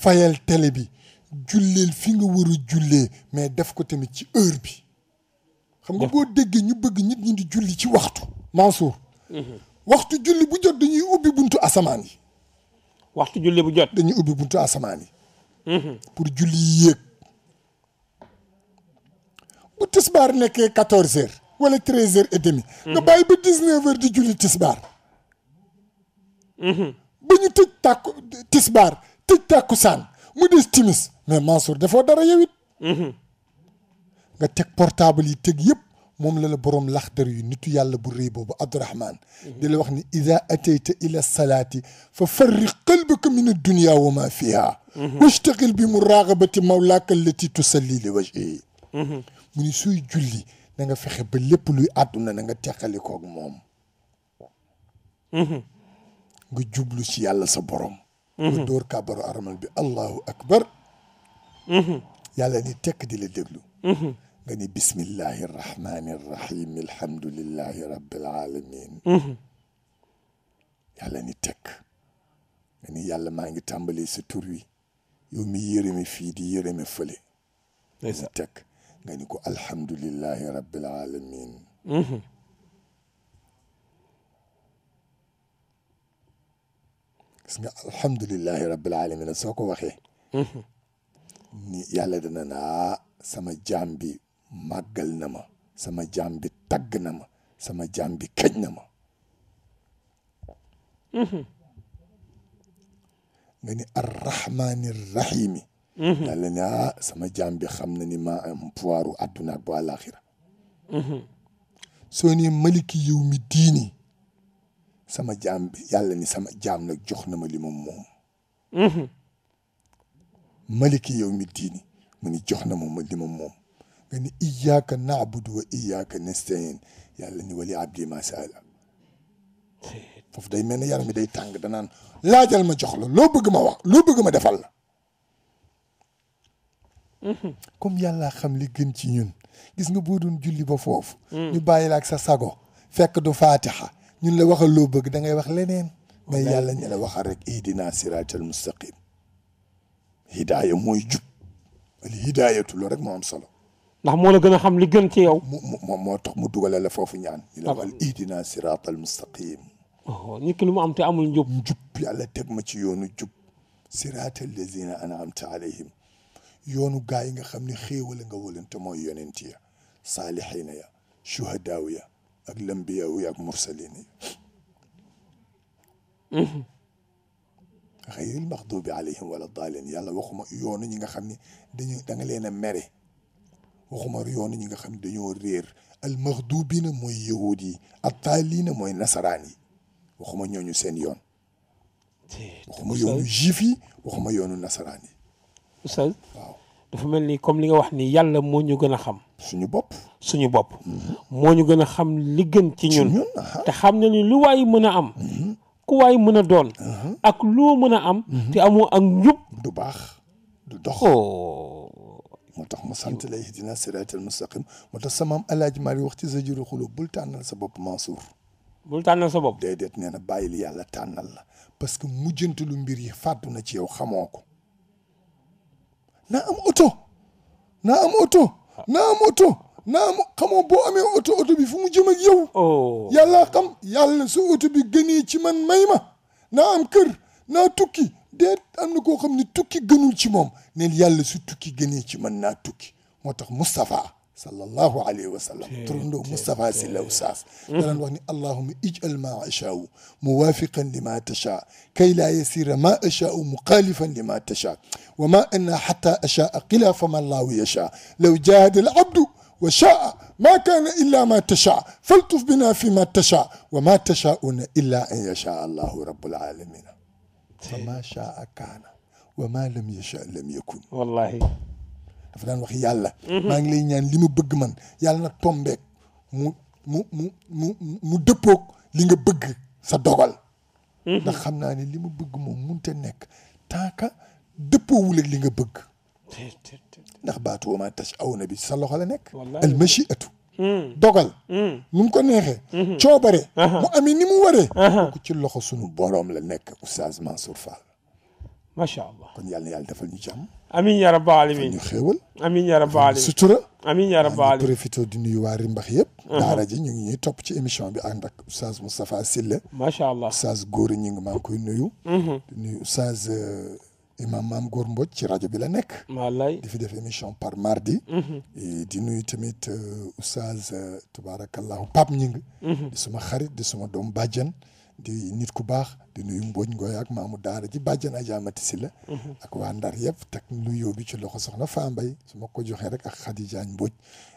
A: fayal télé bi julleel fi nga war a jullee mais def ko tamit ci heure bi xam nga boo déggee ñu bëgg nit ñi di julli ci waxtu Mansour mhm. waxtu julli bu jot dañuy ubbi buntu asamaan yi waxtu julli bu jot dañuy ubbi buntu asamaan yi mhm. pour julli yi yéeg bu tisbar nekkee 14 heures wala 13 heures et demi nga mhm. bàyyi ba 19 neuf heures di julli tisbaar ba ñu tëj tàkku tisbar tëj tàkkusaan mu des timis mais Mansour defoo dara yow it nga teg portable yi teg yëpp moom la la boroom laxdar yu nitu yàlla bu rëy boobu abdourahman di la wax ni ida atayta ila salaati fa farriq qalbaka min addunia wa ma fiha wastaxil bi muraqabati mawlaaka allati tusalli li wajhihi mu ni suy julli na nga fexe ba lépp luy àdduna na nga teqalikoog moom nga jublu ci yàlla sa borom ودور كبر أرمل بي الله أكبر يعني تكدي لدبلو يعني بسم الله الرحمن الرحيم الحمد لله رب العالمين يعني تك يعني يلا ما عندي تامبلي ستوري يومي يرمي في دي يرمي فلي إيه تك يعني كو الحمد لله رب العالمين gis nga alhamdulilahi rabbil alamin soo ko waxee ni yàlla dina naa sama jaam bi màggal na ma sama jaam bi tagg na ma sama jaam bi kañ na ma nga ni arrahmani rahimi yàlla ne ah sama jaam bi xam na ni maa am pouvoiru àdduna ak bu àllaaxira soo ni maliki yow mi diini sama jaam bi yàlla ni sama jaam nag jox na ma li ma moom maliki yow mi diini mu ni jox na ma ma li ma moom nga ni iyaaka naabudu wa iyaaka nestain yàlla ni wali abdi ma saala foofu day mel ne yaram mi day tàng danaan laajal ma jox la loo bëgg ma wax loo bëgg ma defal la comme yàlla xam li gën ci ñun gis nga boo doon julli ba foofu ñu bàyyi sa sago fekk du faatixa ñun la waxal loo bëgg da ngay wax leneen mais yàlla ñu la waxal rek ihdina siraatal mustaqim hidaaya mooy jub al hidayatu lo rek moo am solo ndax moo la gën a xam li gën ci yow mo moo tax mu dugale la foofu ñaan ñu la waxal ihdina siraatal mustaqim ñi ki lu mu am te amul njub njub yàlla teg ma ci yoonu jub siraatal lazina an'amta alayhim yoonu gaay nga xam ne xéewal nga wëlante mooy yonent ya saalixiina ya shuhadaaw ya ak l'anbiya ou yak mursalin غير المغضوب عليهم ولا الضالين يلا وخما يوني نيغا خامني دانيو داغا لينا ميري وخما يوني نيغا خامني دانيو رير المغضوبين موي يهودي الضالين موي نصراني وخما ньо ญ و سين يون وخما يوني جيفي وخما يوني نصراني
B: استاذ واو dafa mel ni comme li nga wax ni yàlla moo ñu gën a xam. suñu bopp. suñu bopp. Mm-hmm. moo ñu gën a xam li gën ci ñun. te xam na ni lu waay mën a am. Mm-hmm.
A: ku waay mën a doon. Mm-hmm.
B: ak loo mën a am. te amoo ak njub.
A: du baax du dox. Oh. moo tax mu sant la ihdina siraatal mustaqim moo tax sa maam El Hadj Malick wax ci sa juru xulóob bul tànnal sa bopp Mansour. bul tànnal sa bopp. déedéet nee na bàyyil yàlla tànnal la parce que mujjantalu mbir yi fàddu na ci yow xamoo ko. naa am oto na am oto naa am oto naa am xamoo boo amee oto oto bi fu mu jëm ak yow oh. yàlla xam yàlla su oto bi gënee ci man may ma naa am kër naa tukki déet am na koo xam ni tukki gënul ci moom neen yàlla su tukki gënee ci man naa tukki moo tax Moustapha صلى الله عليه وسلم ترندو مصطفى سلوساس ترندوني اللهم اجعل ما اشاء موافقا لما تشاء كي لا يسير ما اشاء مخالفا لما تشاء وما ان حتى اشاء قلا فما الله يشاء لو جاهد العبد وشاء ما كان الا ما تشاء فالطف بنا فيما تشاء وما تشاءون الا ان يشاء الله رب العالمين فما شاء كان وما لم يشاء لم يكن والله dafa daan wax yàlla maa ngi lay ñaan li mu bëgg man yàlla na tombeek mu mu mu mu mu dëppoog li nga bëgg sa dogal ndax xam naa ni li mu bëgg moom munte nekk tant que dëppoowul li nga bëgg ndax baatu wama tac aw na bi sa loxo la nekk al machiatu hmm. dogal hmm. nu mu ko neexee hmm. coobare mu amee ni mu waree ku ci loxo sunu boroom la nekk oustaz Mansour Fall kon yàlla yàlla defal ñu jàmm
B: amiin yaa rabbal aalamiin ñu xéewal amiin yaa rabbal aalamiin sutura
A: amiin yaa rabbal aalamiin profité di nuyu waa Rimbax yëpp daara ji ñu ngi ñuy topp ci émission bi ànd ak oustaz Moustapha Silla macha allah oustaz Góora ñu ngi maa ngi koy nuyu mhm. di nuyu oustaz euh, imam maam Góor Mbodj ci rajo bi la nekk wallaay di fi def émission par mardi mhm. di nuyu tamit euh, oustaz euh, tabarakallahu Pape Ñing mhm. di suma xarit di suma doom bàjjen di nit ku baax di nuyu Mbodj Ngoy ak maamu daara ji bàjjan ajaamati si la. Mhm. ak waa Ndar yëpp teg nuyoo bi ci loxo soxna Faa Mbay su ma ko joxee rek ak Xadija Mbodj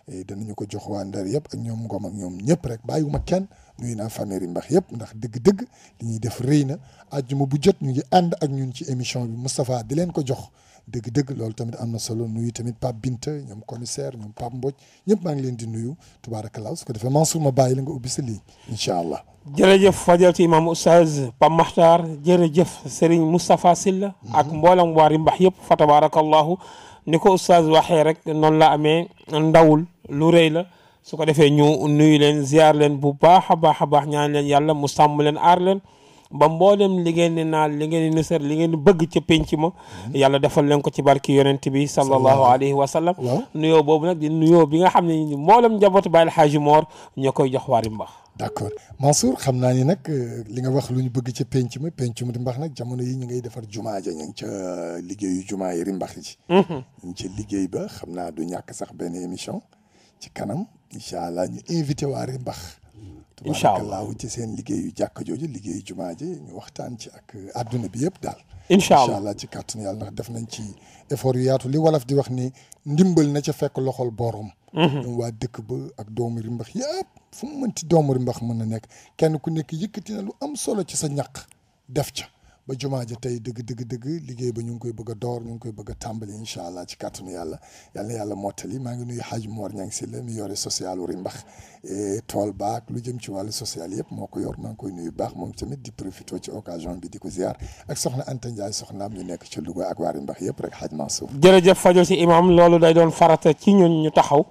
A: eh, danañu ko jox waa Ndar yëpp ak ñoom Ngom ak ñoom ñëpp rek bàyyiwuma kenn nuyu naa famille mbax yëpp ndax dëgg-dëgg di ñuy def rëy na àjjuma bu jot ñu ngi ànd ak ñun ci émission bi Moustapha di leen ko jox. dëgg-dëgg loolu tamit am na solo nuyu tamit Pape Binta ñoom commissaire ñoom Pape Mbodj ñëpp maa ngi leen di nuyu tubaarakalaaw su ko defee Mansour ma bàyyi la nga ubbi sa lii allah.
B: jërëjëf fajarti imam oustaz Pape Makhtar jërëjëf Serigne Moustapha Sylla ak mhm. mboolam waa mbax yëpp fa tabaarakallahu ni ko oustaz waxee rek noonu la amee ndawul lu rëy la su ko defee ñu nuyu leen ziar leen bu baax a baax a baax ñaan leen yàlla mu sàmm leen aar leen. ba mboolem li ngeen di naan li ngeen di nisar li ngeen di bëgg ca pénc ma mhm. yàlla defal leen ko ci barki yonent bi sallallahu alayhi wa sallam nuyoo boobu nag di nuyoo bi nga xam ne mboolem njabootu Baye El Hadji moor ñoo koy jox waari mbax d' accord
A: Mansour xam naa ni nag euh, li nga wax lu ñu bëgg ca pénc ma pénc ma di mbax nag jamono yi ñu ngay defar jumaa ja ñu ngi ca euh, liggéeyu jumaa yi rimbax ji mhm. ñu ngi liggéey ba xam naa du ñàkk sax benn émission ci kanam incha allah ñu invité waa rimbax incha allah ci seen liggéeyu jàkka jooju liggéeyu jumaa ji ñu waxtaan ci ak euh, adduna bi yëpp daal. incha allah ci kàttan yàlla ndax def nañ ci effort yu yaatu li wolof di wax ni ndimbal na ca fekk loxol borom. ñoom mhm. waa dëkk ba ak doomu rimbax yëpp fu mu mënti doomu rimbax mën na nekk kenn ku nekk yëkkati na lu am solo ci sa ñaq def ca. ba jumaa ja tey dëgg dëgg dëgg liggéey ba ñu ngi koy bëgg a door ñu ngi koy bëgg tàmbali incha allah ci kàttanu yàlla yal na yàlla mottali maa ngi nuyu Hadj Mor Niang si la mi yore social wu Rimbax e tool baak lu jëm ci wàllu social yëpp moo ko yor maa ngi koy nuyu baax moom tamit di profité ci occasion bi di ko ziar ak soxna Anta Ndiaye soxnaam ñu nekk ci Louga ak waa Rimbax yëpp rek Hadj Mansour.
B: jërëjëf fajo si imam loolu day doon farata ci ñun ñu taxaw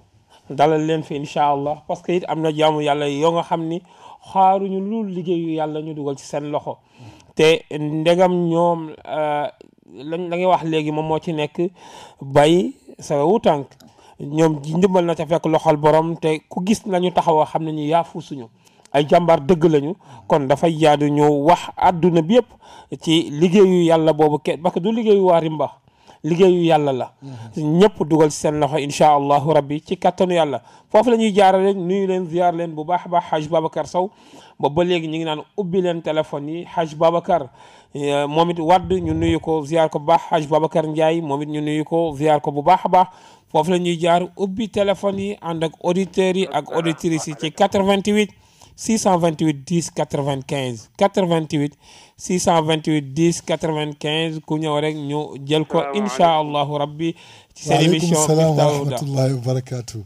B: dalal leen fi incha allah parce que am na jaamu yàlla yoo nga xam ni xaaruñu lu liggéeyu yàlla ñu dugal ci seen loxo te ndegam ñoom euh, lañ la wax léegi moom moo ci nekk bay sa wu tànk ñoom ji ndimbal na ca fekk loxol borom te ku gis nañu taxawa xam ne ñu yaafu suñu ay jàmbaar dëgg lañu kon dafay jaadu ñu wax àdduna bi yëpp ci liggéeyu yàlla boobu kenn parce que du liggéeyu waa Rimba liggéeyu yàlla la ñëpp dugal ci seen loxo incha allahu rabbi ci kattanu yàlla foofu la ñuy jaarale nuyu leen ziar leen bu baax a baax Haj Babacar Sow boobu ba léegi ñu ngi naan ubbi leen téléphone yi Haj Babacar euh, moom it wadd ñu nuyu ko ziar ko bu baax Haj Babacar Ndiaye moom ñu nuyu ko ziar ko bu baax a baax foofu la ñuy jaar ubbi téléphone yi ànd ak auditeurs yi ak auditrices yi ci 88 628 10 95 88 628 10 95 ku ñëw rek ñu jël ko incha allahu rabbi ci seen émission waaleykum salaam wa
A: rahmatullahi wa barakaatu.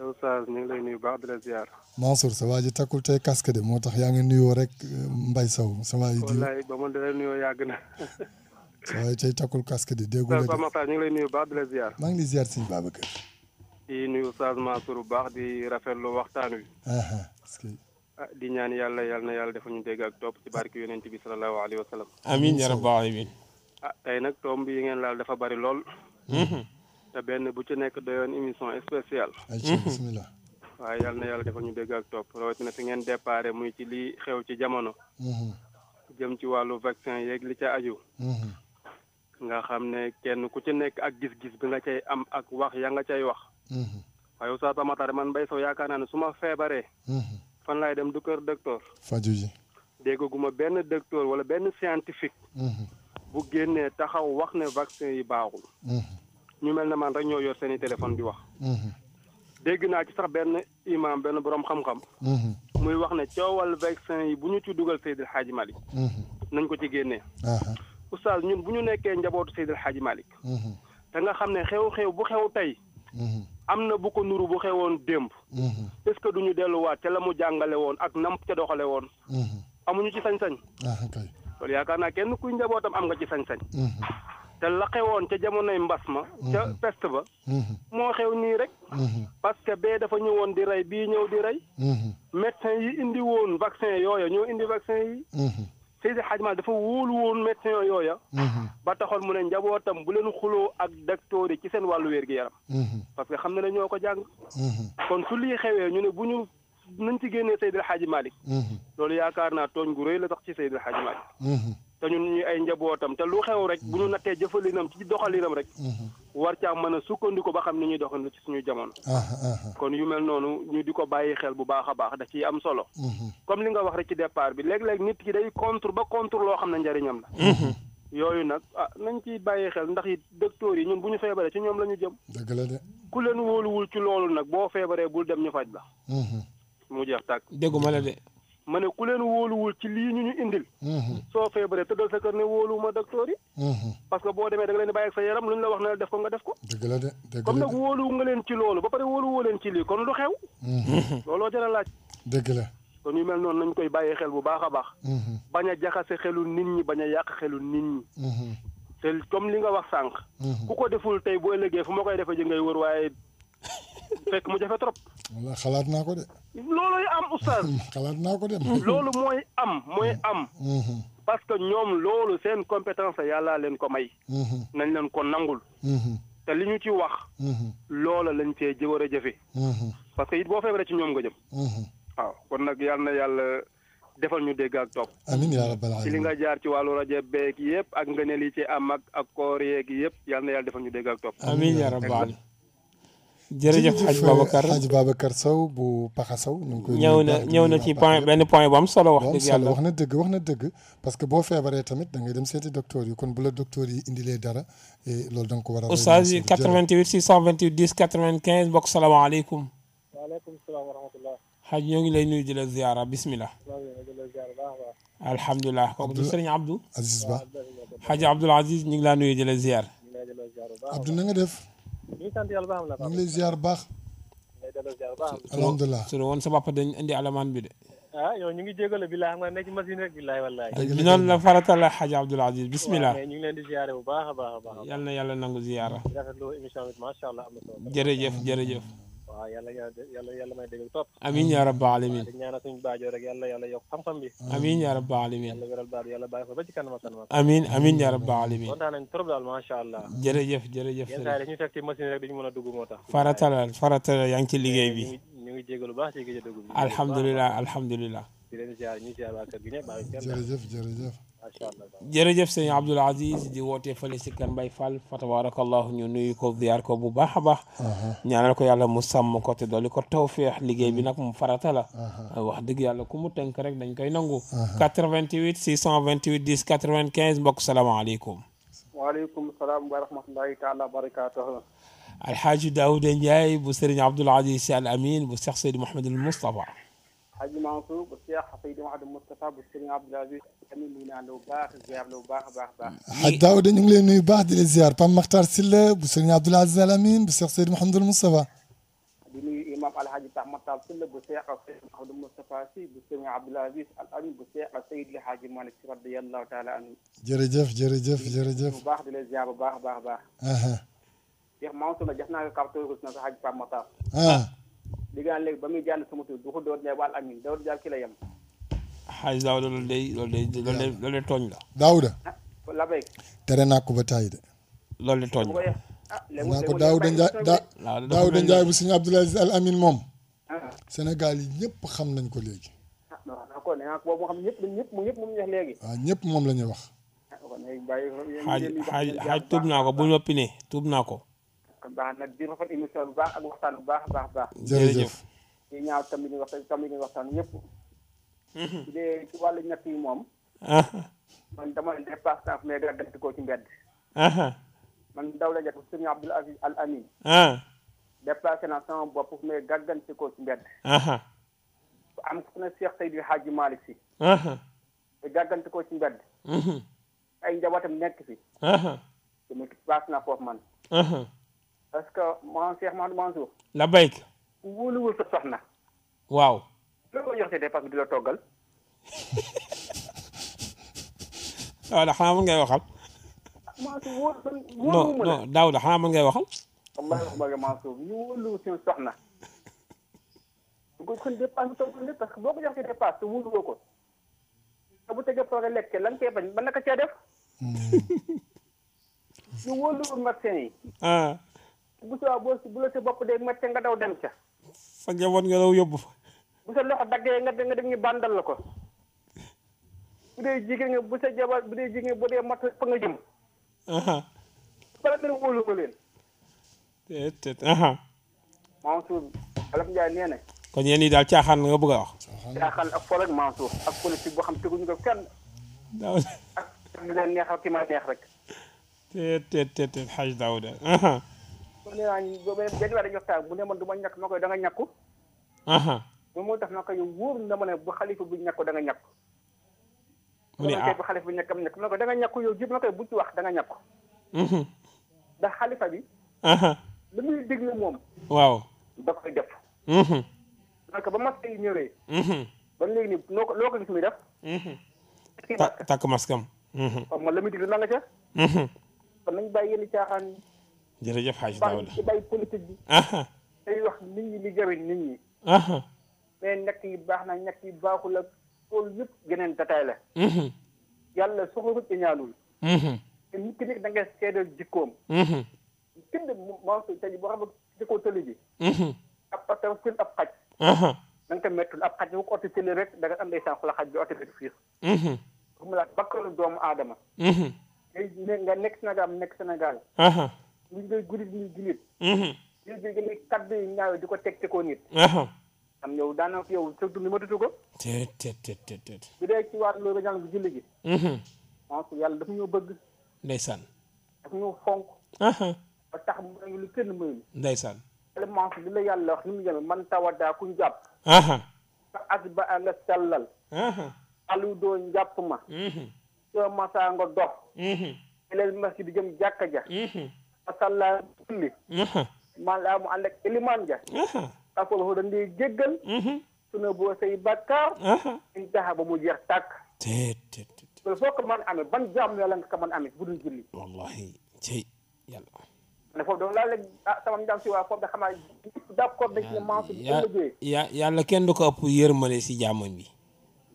C: Oustaz ñu ngi lay nuyu baax di la ziar.
A: Mansour sa waa ji takkul tey casque de moo tax yaa ngi nuyoo rek Mbaye Sow sa waa ji. wallaay
C: ba man dana nuyoo yàgg na.
A: sa waa ji tey takkul casque de déggu la de. ñu
C: ngi lay nuyu baax di la ziar.
A: maa ngi lay ziar sëñ Babacar.
C: di nuyu Oustaz Mansour bu baax di rafetlu waxtaan wi. Ah, di ñaan yàlla yàlla na yàlla dafa ñu dégg ak topp ci barki yonent bi sallallahu alayhi wa amin ya rabbal alamin ah tey nag tomb bi ngeen laal dafa bari lool mm-hmm. te benn bu ci nekk doyoon émission spéciale mm-hmm. bismillah waaye yàlla na yàlla dafa ñu dégg ak topp rawatina fi ngeen déparé muy ci li xew ci jamono mm-hmm. jëm ci wàllu vaccin yeeg li ca aju nga xam ne kenn ku ci nekk ak gis-gis bi nga cay am ak wax ya nga cay wax waaye Oustaz Matar man bay saw yaakaar naa ne su ma feebaree fan laay dem du kër docteur. faju ji. déggaguma benn docteur wala benn scientifique. Mhm. bu génnee taxaw wax ne vaccin yi baaxul. Mhm. ñu mel ne man rek ñoo yor seen i téléphone di wax. Mhm. dégg naa ci sax benn imam benn borom xam-xam. muy wax ne coowal vaccin yi bu ñu ci dugal Seydil xaaji Malick. nañ ko ci génnee. oustaz ñun bu ñu nekkee njabootu Seydil Hadji Malick. te nga xam ne xew-xew bu xew tey. am na bu ko nuru bu xewoon démb. Mhm. est-ce que du ñu delluwaat ca la mu jàngale woon ak nam ca doxale woon. Mhm. amuñu ci sañ-sañ. Ah, yaakaar naa kenn kuy njabootam am nga ci sañ-sañ. Mhm. te la xewoon ca jamonoy mbas ma. ca peste ba. moo xew nii rek. parce que bee dafa ñëwoon di rey bii ñëw di rey. médecin yi indi woon vaccin yooya ñoo indi vaccin yi. Seydi Hadj Malick dafa wóolu woon médecin yooya. Mhm. ba taxoon mu ne njabootam bu leen xuloo ak docteur yi ci seen wàllu wér gi yaram. Mhm. parce que xam na ne ñoo ko jàng. Mhm. kon su lii xewee ñu ne bu ñu nañ ci génnee Seydi xaaji Malick. loolu yaakaar naa tooñ gu rëy la tax ci Seydi Hadj
D: Malick.
C: te ñun ñuy ay njabootam te lu xew rek bu ñu nattee jëfalinam ci doxalinam rek war caa mën a sukkandiku ba xam ni ñuy doxal ci suñu jamono kon yu mel noonu ñu di ko bàyyi xel bu baax a baax da ciy am solo comme li nga wax rek ci départ bi léeg-léeg nit ki day contre ba contre loo xam ne njariñam la yooyu nag a ah nañ ciy bàyyi xel ndax it docteur yi ñun bu ñu feebaree ci ñoom la ñu jëm dëgg la de ku leen wóoluwul ci loolu nag boo feebaree bul dem ñu faj la
B: mu jeex tàkk dégguma la de
C: ma ne ku leen wóoluwul ci lii ñu ñu indil. Mhm. soo feebaree tëddal sa kër ne wóoluwuma docteur yi. Mhm. parce que boo demee da nga bàyyi ak sa yaram luñ la wax na la def ko nga def ko.
A: dëgg la de dëgg la
C: comme leen ci loolu ba pare wóoluwoo leen ci lii kon lu xew. Mhm. looloo jëla laaj. dëgg la. kon ñu mel noonu nañ koy bàyyee xel bu baax a baax. bañ a jaxase xelu nit ñi bañ a yàq xelu nit ñi. te comme li nga wax sànq. ku ko deful tey boo ëllëgee fu ma koy defee ji ngay wër waaye fekk mu jafe trop.
A: wala xalaat naa ko de. am oustaz. [laughs] xalaat loolu mooy am mooy am. Mm-hmm.
C: parce que ñoom loolu seen compétence yàlla leen ko may. Mm-hmm. nañ leen ko nangul. Mm-hmm. te li ñu ci wax. loola lañ cee war a jafe parce que it boo feebaree ci ñoom nga jëm. waaw kon nag yàlla na yàlla defal ñu dégg ak topp.
D: amiin yaa rabbal
C: ci li nga jaar ci wàllu rajo beeg yëpp ak nga ne li ci am ak ak koor yeeg yëpp yàlla yàlla defal ñu dégg ak topp. amiin yaa rabbal
A: jërëjëf xaj Babacar xaj Babacar Sow bu Paxa Sow. ñu ngi koy ñëw na ñëw na ci point benn point bu am solo wax dëgg yàlla wax na dëgg wax na dëgg parce que boo feebaree tamit da ngay dem seeti docteur yi kon bu la docteur yi indilee dara loolu da nga ko war a. oustaz 88
B: 628 10 95 mbokk salaamaaleykum. waaleykum salaam wa rahmatulah. xaj ñoo ngi lay nuyu di la ziara bisimilah. alhamdulilah kooku du sëriñ Abdou. Aziz Ba. xaj Abdoul Aziz ñu ngi laa nuyu di la ziar. Abdou na nga def.
A: ñu sant yàlla baax na. ñu ngi lay ziar baax. alhamdulilah
B: su woon sa bopp dañ indi alamaan bi de.
C: ah yow ñu ngi jégalu bi laa xam nga nekk machine rek billaay wallaay. dëgg la la farata
B: la xaja Abdoul Aziz bismillah. waaw
C: ñu ngi leen di ziare bu baax a
B: na yàlla nangu ziara.
C: rafetlu émission bi macha allah jërëjëf jërëjëf. waaw yàlla yàlla yàlla may dégg topp amiin yaa rabbal alamin di ñaanal suñu baajoo rek yàlla yàlla yokk xam alamin yàlla wéral baadu alamin kontaan nañ trop daal macha allah jërëjëf jërëjëf a
B: faratalal faratalal yaa ngi ci liggéey bi
C: ñu ngi jégalu baax ci gëj a dugg bi alhamdulilah
B: alhamdulilah
C: di leen ziar ñu ziar waa
B: jërëjëf seigne Abdoul Aziz di wote fële si Kër Mbaye Fall fa tabarakallahu ñu nuyu ko ziar ko bu baax a baax ñaanal ko yàlla mu sam ko te doli ko tawfiix liggéey bi nak mu farata la wax deug yàlla ku mu tënk rek dañ koy nangu 88 628 10 95 mbokk salaamaaleykum
E: waaleykum salaam wa rahmatullahi taala barakatuh
B: alxaaji Daouda Ndiaye bu sëriñ Abdoul Aziz Sy Al Amin bu Cheikh Seydi Mouhamadul Moustapha
E: xaaji Mansour bu Cheikh Seydi Mouhamadul
A: حداو دا نيغلي نوي باه دي زيار بام مختار سيلا بو سيرني عبد العزيز الامين بو شيخ سيد محمد المصطفى
E: دي نوي امام الحاج تاع مختار سيلا بو شيخ سيد محمد المصطفى سي بو سيرني عبد العزيز الامين بو شيخ سيد الحاج مالك رضي الله تعالى عنه
A: جرجف جرجف جرجف باه
E: دي زيار باه باه باه اها شيخ ماوتو ما جاتنا كارتو غسنا الحاج تاع مختار اه دي قال لك بامي جان سمتو دوخ دور نيوال امين دور جال كي لا يم
B: xaalis Daouda de day loolu day loolu day tooñ la. Daouda. Ah,
A: tere naa ko ba taay de. loolu day tooñ la.
B: Ah, naa ko Daouda Ndiaye da Daouda Ndiaye
A: bu suñu Abdoul Aziz Al Amin moom. Ah. Sénégal yi ñëpp xam nañ ko léegi. waaw ñëpp moom la ñuy wax.
E: xaaj xaaj xaaj tuub
B: naa ko bu noppi ne tuub naa ko.
E: jërëjëf. ñaaw tamit waxtaan tamit waxtaan yëpp. su [laughs] dee ci yi moom. [laughs] man dama leen def passeport mais dara ci mbedd. [laughs] man daw la jot sëñ Abdoul Aziz Al Amin. déplacé naa sama bopp mais gàggante ko ci mbedd.
D: am
E: ku ne Cheikh Seydi Hadji Malick si. te gàggante ko ci mbedd. ay njabootam nekk fi. te mu paas na foofu man. parce que mon Cheikh Mahamadou Mansour. la bayk wóoluwul sa soxna. waaw. Depan dépense bi di la toggal
B: waaw da mën ngay waxal non non daaw da xanaa mën ngay waxal
E: wallahi wax bëgg Mansour ñu wóolu seen soxna ko kon dépense bi toggal lépp parce que boo ko joxee te wóolu ko bu lan bañ ba naka def ñu ah bu soo boo bu la sa bopp dee médecin nga daw dem ca
B: fa nga daw fa
E: bu sa loxo dagge nga nga dem ñu bandal la ko bu dee jigéen nga bu sa jabar bu dee jigéen bu dee mat fa nga jëm aha bala dina wolu ko leen
B: tet tet aha
E: Mansour alam Ndiaye nee na
B: kon yéen yi dal caaxaan nga bëgg wax
E: caaxaan ak fol ak Mansour ak politique bo xam teggu ñu ko kenn daw ak ñu leen neexal ki ma neex rek
B: tet tet tet tet haj daawda aha
E: ko nee naa ñu benn wala dañu waxtaan bu ne man duma ñak ñàkk da nga ñakku aha ba moo tax na ko yow wóor na ma ne bu xalifa bu ñàkk da nga bu ah. xalifa bu ñàkk am mu ne ko da ñàkk yow jib na koy bu ci wax da nga ñàkk mhm. ndax xalifa bi lu muy digle moom waaw da koy def donc mhm. ba masque yi ñëwee mhm. ba léegi nii noo ko loo ko gis muy def
B: takk masque am kon
E: man la muy na nga ca kon nañ bàyyi yenn caaxaan yi
B: jërëjëf xaaj Daouda
E: bàyyi politique bi tey wax nit ñi li jëriñ nit
B: ñi
E: mais ñàkk yi baax na ñàkk yi baaxul ak tool yëpp geneen détail la. Mhm. yàlla soxorut ci ñaanul. Mhm. te nit ki nekk da ngay seedal jikkoom.
D: tëdd
E: mhm. moo tëj boo xam ne ci ko tëli bi. ab patam fil ab xaj. da nga ko mettul ab xaj bu ko otti tëli rek da nga am day sànq la xaj bi otti rek fiix. xam nga bakkalu doomu aadama. tey nga nekk Sénégal nekk Sénégal. a kaddu xam yow daanaka yow sa dund matatu ko.
B: te te te te te.
E: bu dee ci wàllu mhm. dafa ñoo bëgg. ndeysaan. dafa ñoo fonk. ba tax mu ne lu kenn mënul. ndeysaan. vraiment li la yàlla wax ni mu demee man tawadaa ku njàpp. sa as a alu doo njàpp ma. Mhm. soo masaa nga dox. Mhm. ilal masjid di jëm jàkka ja. masalla julli. maanaam mu ja. afalahu dañ lay jéggal mhm. suna boo say bàkkaar mhm. dañ taxa ba mu jeex tàkk loolu foo ko mën amee ban jaam yàlla nga ko mën bu dul julli
B: wallahi tey yàlla
E: ne foofu dama laa léegi ah sama njaam si waa foofu da xamaa d'accord dañ ne Mansour ëllëgee
B: yàlla kenn du ko ëpp yërmale si jaamam bi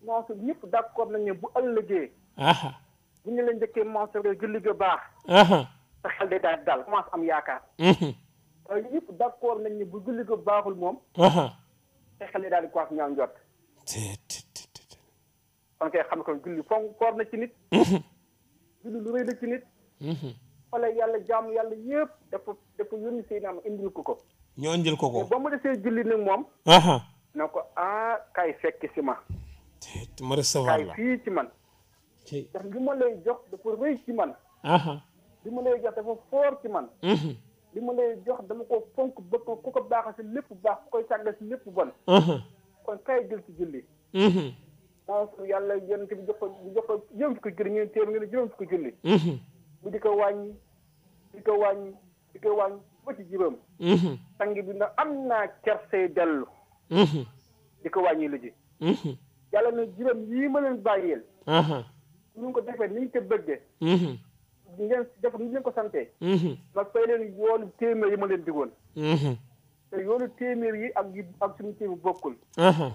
E: Mansour ñëpp d'accord bu ëllëgee bu ñu la njëkkee Mansour julli ga baax sa xel day daal dal commence am yaakaar mhm. waaye ñëpp nañ ne bu julli ko baaxul moom. te xale daal di ko wax ñaaw njort. kon kay xam kon julli foog foor na ci nit. julli lu rëy la ci nit. wala yàlla jaamu yàlla yëpp dafa dafa seen am indil ko ko.
B: ñoo indil ko ko ba
E: mu desee julli nag moom. na ko ah kay fekk si ma.
B: te ma recevoir la kay
E: fii man. li ma lay jox dafa rëy ci man. li ma lay jox dafa foor ci man. li ma lay jox dama ko fonk bëgg ko ku ko baaxal si lépp baax ko koy sàggal si lépp bon. Mhm. kon kay jël ci julli. moom yàlla yonent bi jox ko jox ko juróom julli ñu ne téeméer nga
D: ne
E: bu di ko wàññi di ko wàññi di ko wàññi ba ci juróom. Mhm. sang bi nag am naa kersay dellu. Mhm. di ko wàññi lu ji. yàlla na juróom yii ma leen bàyyeel. ñu ko defee ni ñu ko bëggee. ngeen def ni ko sante ma mhm. fay leen yoonu yi ma leen digoon mhm. te yoonu téeméer yi ak yi ak suñu téeméer bokkul mhm.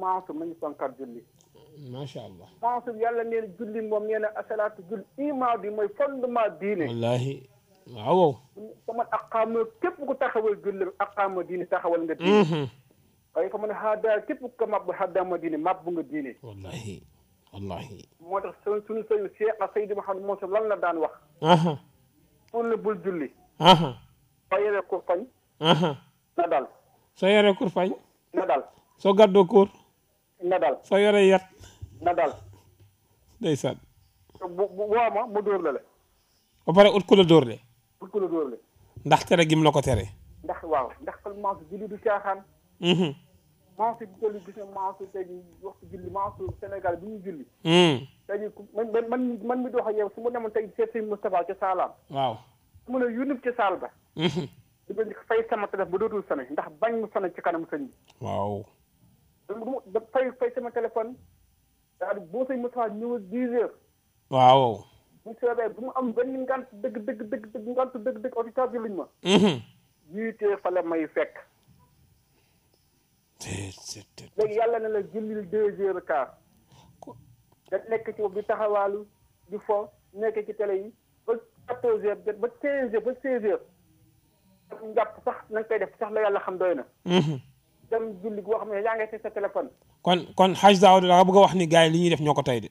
E: Mansour nañu sankat julli macha allah Mansour yàlla neen julli moom nee na asalaatu jul iman bi mooy fondement diine wallaahi waaw sama aqaama képp ku taxawal julli aqaama diine taxawal nga diine waaye fa man haada képp ku ko mabbu haada ma diine mabbu nga diine wallaahi wallaahi moo tax seen suñu sëñ Cheikh Seydi Mouhamed Moussa lan la daan wax. pour ne bul julli. soo yoree kurpañ. na dal.
B: soo yoree kurpañ. na dal. soo gàddoo kóor.
E: na dal soo yoree yat. na dal. ndeysaan. bu bu wooma mu dóor la la.
B: ba pare ut ku la dóor le. ut ku la dóor le. ndax tere gim la ko tere.
E: ndax waaw ndax seulement julli du caaxaan. Mansour bu tollu gis na Mansour tey jii julli bi ñu julli. Hmm. tey jii man mi dox ak yow su ma demoon tey seet si Moustapha ca Saalaam. waaw su ma la yónni ca Saal ba. Hmm. di bañ fay sama téléphone ba dootul sone ndax bañ mu ci kanam sëñ bi. waaw. da fay fay sama téléphone daal boo sëñ Moustapha ñëw dix heures. waaw. bu mu am benn ngant dëgg dëgg dëgg dëgg ngant dëgg dëgg auditeur bi luñ ma. jiitee hmm. may fekk. léegi yàlla na la jullil deux heures de quart da nekk ci di taxawaalu di fo nekk ci télé yi ba quatorze heures ba quinze heures ba seize heures dem sax na koy def sax la yàlla xam doy na mhm. dem julli boo xam ne yaa ngi teg sa téléphone
B: kon kon xaj daaw da nga bëgg a wax ni gars yi li ñuy def ñoo ko tey de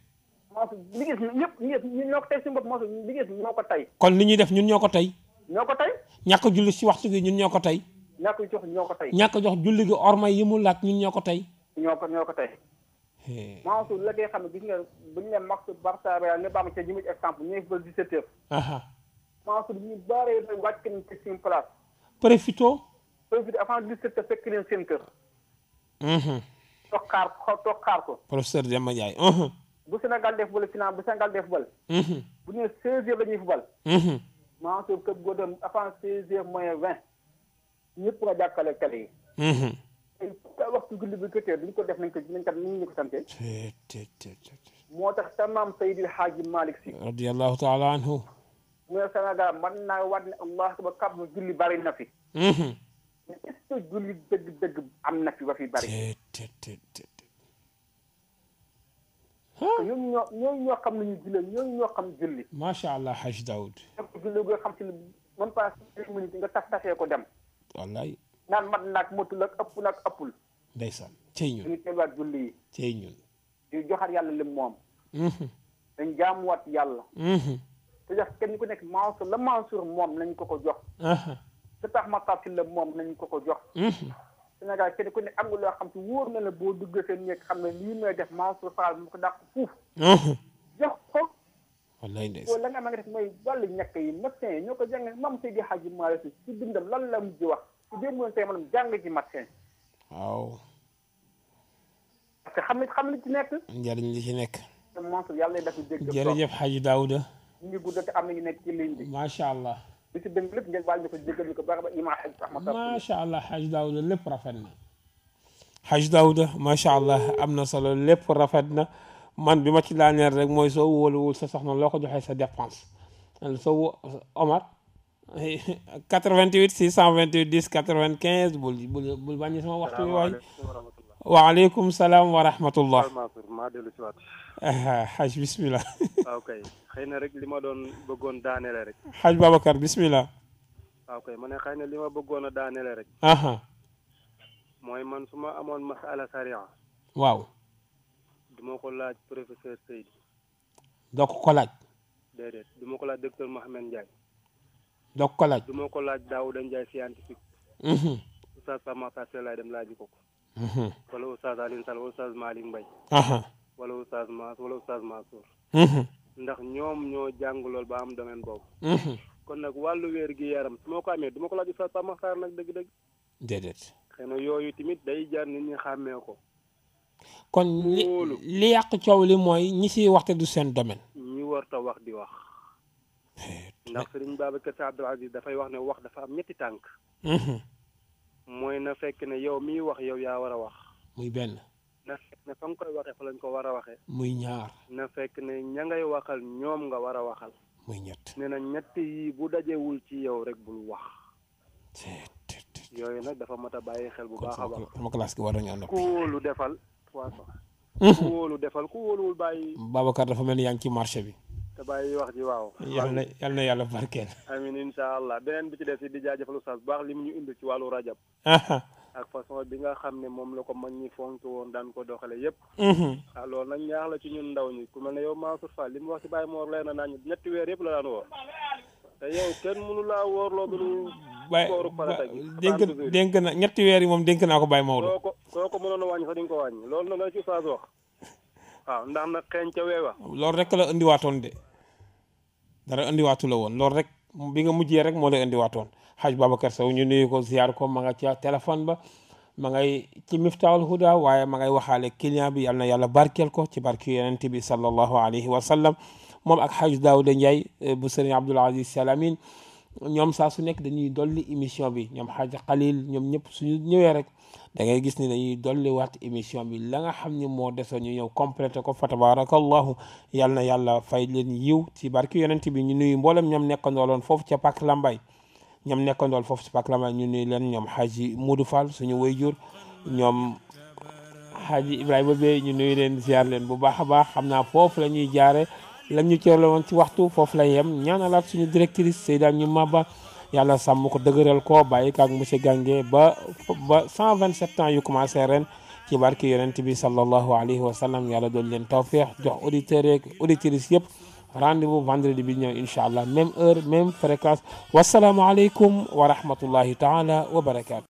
E: moo li ñëpp li ñoo ko tey moo li gis ñoo ko tey
B: kon li ñuy def ñun ñoo ko tey ñoo ko tey ñàkk julli si waxtu bi ñun ñoo ko tey
E: ñaa ko jox ñoo ko tey. ñaa ko
B: jox julli gi orma yi mu laaj ñun ñoo ko tey. ñoo ko ñoo ko tey.
E: Mansour la ngay xam ne gis nga bu ñu nee Max Barça Real ne Bamba ca jëmit exemple ñu ngi ba 17 heures. Mansour ñu baaree doon wàcc nañ ci suñu place.
B: profito.
E: profito avant 17 heures fekk leen seen kër. toog xaar ko toog xaar ko.
B: professeur Demba Ndiaye.
E: bu Sénégal def bal bu Sénégal def bal. bu nee 16 heures la ñuy fi bal. kër goo avant 16 heures moins 20. ñëpp nga jàppale télé yi. Mm-hmm. tey pourquoi waxtu julli bi jotee duñ ko def nañ ko nañ ko nañ ko sante. moo tax sa maam Seydil Hadji Malick
B: Sy. radiyallahu taala anhu.
E: mu ne Sénégal mën naa waat ne allah ba kàbb julli bari na fi.
B: mais mm-hmm.
E: est ce que julli dëgg dëgg am na fi ba fi bari.
B: ñoom ñoo ñooñu ñoo xam ne ñu jullee ñooñu ñoo xam julli. macha allah Haji Daoud. julli goo xam si ne même pas
E: cinq minutes nga tas tasee ko dem. wallaay naan mat naag matul ak ëpp naag ëppul.
B: ndeysaan cey ñun dañuy
E: teewaat julli yi. cey ñun. di joxaat yàlla lim moom. Mm-hmm. dañ jaamuwaat yàlla. Mm-hmm. te jox kenn ku nekk Mansour la Mansour moom lañ ko ko jox.
D: te uh-huh.
E: tax Makhtar Sylla moom nañ ko ko jox. Mm-hmm. Sénégal kenn ku ne am nga loo xam te wóor na la boo duggee seen nekk xam ne lii mooy def Mansour Fall mu ko dàq fuuf. jox ko.
D: wallaay ndeysaan loolu la
E: nga ma nga def mooy wàllu ñàkk yi médecin yi ñoo ko jàng mam Seydi Hadji Malick si dundam lan la mujj wax si démb woon tey maanaam jàng ci médecin
B: waaw parce
E: que xam na xam na ci nekk
B: njëriñ li ci nekk
E: Mansour yàlla daf dégg jërëjëf Hadji Daouda ñu ngi gudd te am nañu nekk ci ligne bi macha allah li si dëng lépp ngeen wàll
B: ñu ko jéggal ñu ko baax ba imaam Hadji Ahmad macha allah Hadji Daouda lépp rafet na Hadji Daouda macha allah am na solo lépp rafet na man bima ci daaneel rek moy so wóoluwul sa soxna loko joxe sa dépense so Omar 88 628 10 95 bul bul bul bàññi sama waxtu yooyu waaleykum salaam wa rahmatullah maa dellu si waat xaj bismillah
C: waaw kay rek li ma doon bëggoon rek
B: xaj Babacar bismillah
C: waaw kay ma ne xëy na li ma bëggoon man su ma masala sariya waaw dama ko laaj professeur Seydi. doo ko ko laaj. déedéet du ma ko laaj docteur Mohamed Ndiaye. doo ko ko laaj. du ma ko laaj Daouda Ndiaye scientifique. Mhm. oustaz Pape Makhtar Sylla laay dem laaji ko ko. Mhm. wala oustaz Alioune Sall wala oustaz mhm. ndax ñoom ñoo jàng lool ba am domaine boobu. kon nag wàllu wér gi yaram su ma ko amee du ko laaj oustaz Pape nag dëgg-dëgg. déedéet. xëy na yooyu tamit day jar nit ñi xàmmee ko.
B: kon li li yàq coow li mooy ñi siy waxte du seen domaine.
C: ñi warta wax di wax. ndax sëriñ Babacar Sy Abdoul Aziz dafay wax ne wax dafa am ñetti tànk. mooy na fekk ne yow mi wax yow yaa war a wax. muy benn. na fekk ne lañ ko war a waxee. muy ñaar. na fekk ne ña ngay waxal ñoom nga war a waxal. muy ñett nee na ñett yii bu dajewul ci yow rek bul wax. yooyu nag dafa mat a bàyyi xel bu baax sama
B: classe gi war nañu ànd
C: ak. defal. 300. ku wóolu defal ku wóoluwul bàyyi.
B: Babacar dafa mel ni yaa ci marché bi.
C: te bàyyi wax ji waaw. yal na
B: yal na yàlla barkeel.
C: amin incha allah beneen bi ci des di jaajëfal oustaz bu baax li mu ñu indi ci wàllu rajab. ak façon bi nga xam ne moom la ko mag ñi fonk woon daan ko doxale yépp mhm. ah loolu nag ñaax la ci ñun ndaw ñi ku mel ne yow Mansour Fall li mu wax ci Baye Mor lay na ñetti weer yëpp la daan woo. te yow kenn mënu laa wóorloo ba
B: nii. waaye na ñetti weer yi moom dénk naa ko Baye Maodo. soo
C: ko soo ko mënoon a nga ko wàññi loolu nag la ci saa
B: loolu rek la indiwaatoon de dara indiwaatu woon loolu rek bi nga mujjee rek moo lay indiwaatoon xaaj Babacar Sow ñu nuyu ko ziar ko ma nga ca téléphone ba. ma ngay ci miftahul huda waaye ma ngay waxaale client bi yal na yàlla barkeel ko ci barki yonent bi sallallahu alayhi wa sallam mom ak hajj daoud ndjay bu serigne Abdoul Aziz salamin ñom sa su nek dañuy dolli émission bi ñom hajj khalil ñom ñep suñu ñëwé rek da ngay gis ni dañuy dolli wat émission bi la nga xamni mo déso ñu ñëw complété ko fatabarakallah yalna yàlla fay leen yiw ci barki yonent bi ñu nuyu mboolem ñoom nekkandooloon fofu ci pak Lambay ñoom nekkandool fofu ci pak Lambay ñu nuyu leen ñom hajj Modou Fall suñu wayjur ñom xaaji Ibrahima be ñu nuyu leen ziar leen bu baax baax xamna fofu lañuy la jaare lañ ñu la woon ci waxtu foofu la yem ñaanalaat suñu directrice Seyda ñu Maba yàlla sàmm ko dëgëral ko bàyyi ko ak monsieur Gange ba ba 127 ans yi commencé ren ci barke yonent bi sallallahu alayhi wa sallam yàlla doon leen tawféex jox auditeurs yeeg auditrices yëpp rendez-vous vendredi bi ñëw incha allah même heure même fréquence wasalaamualeykum wa rahmatullahi taala wa barakaatu.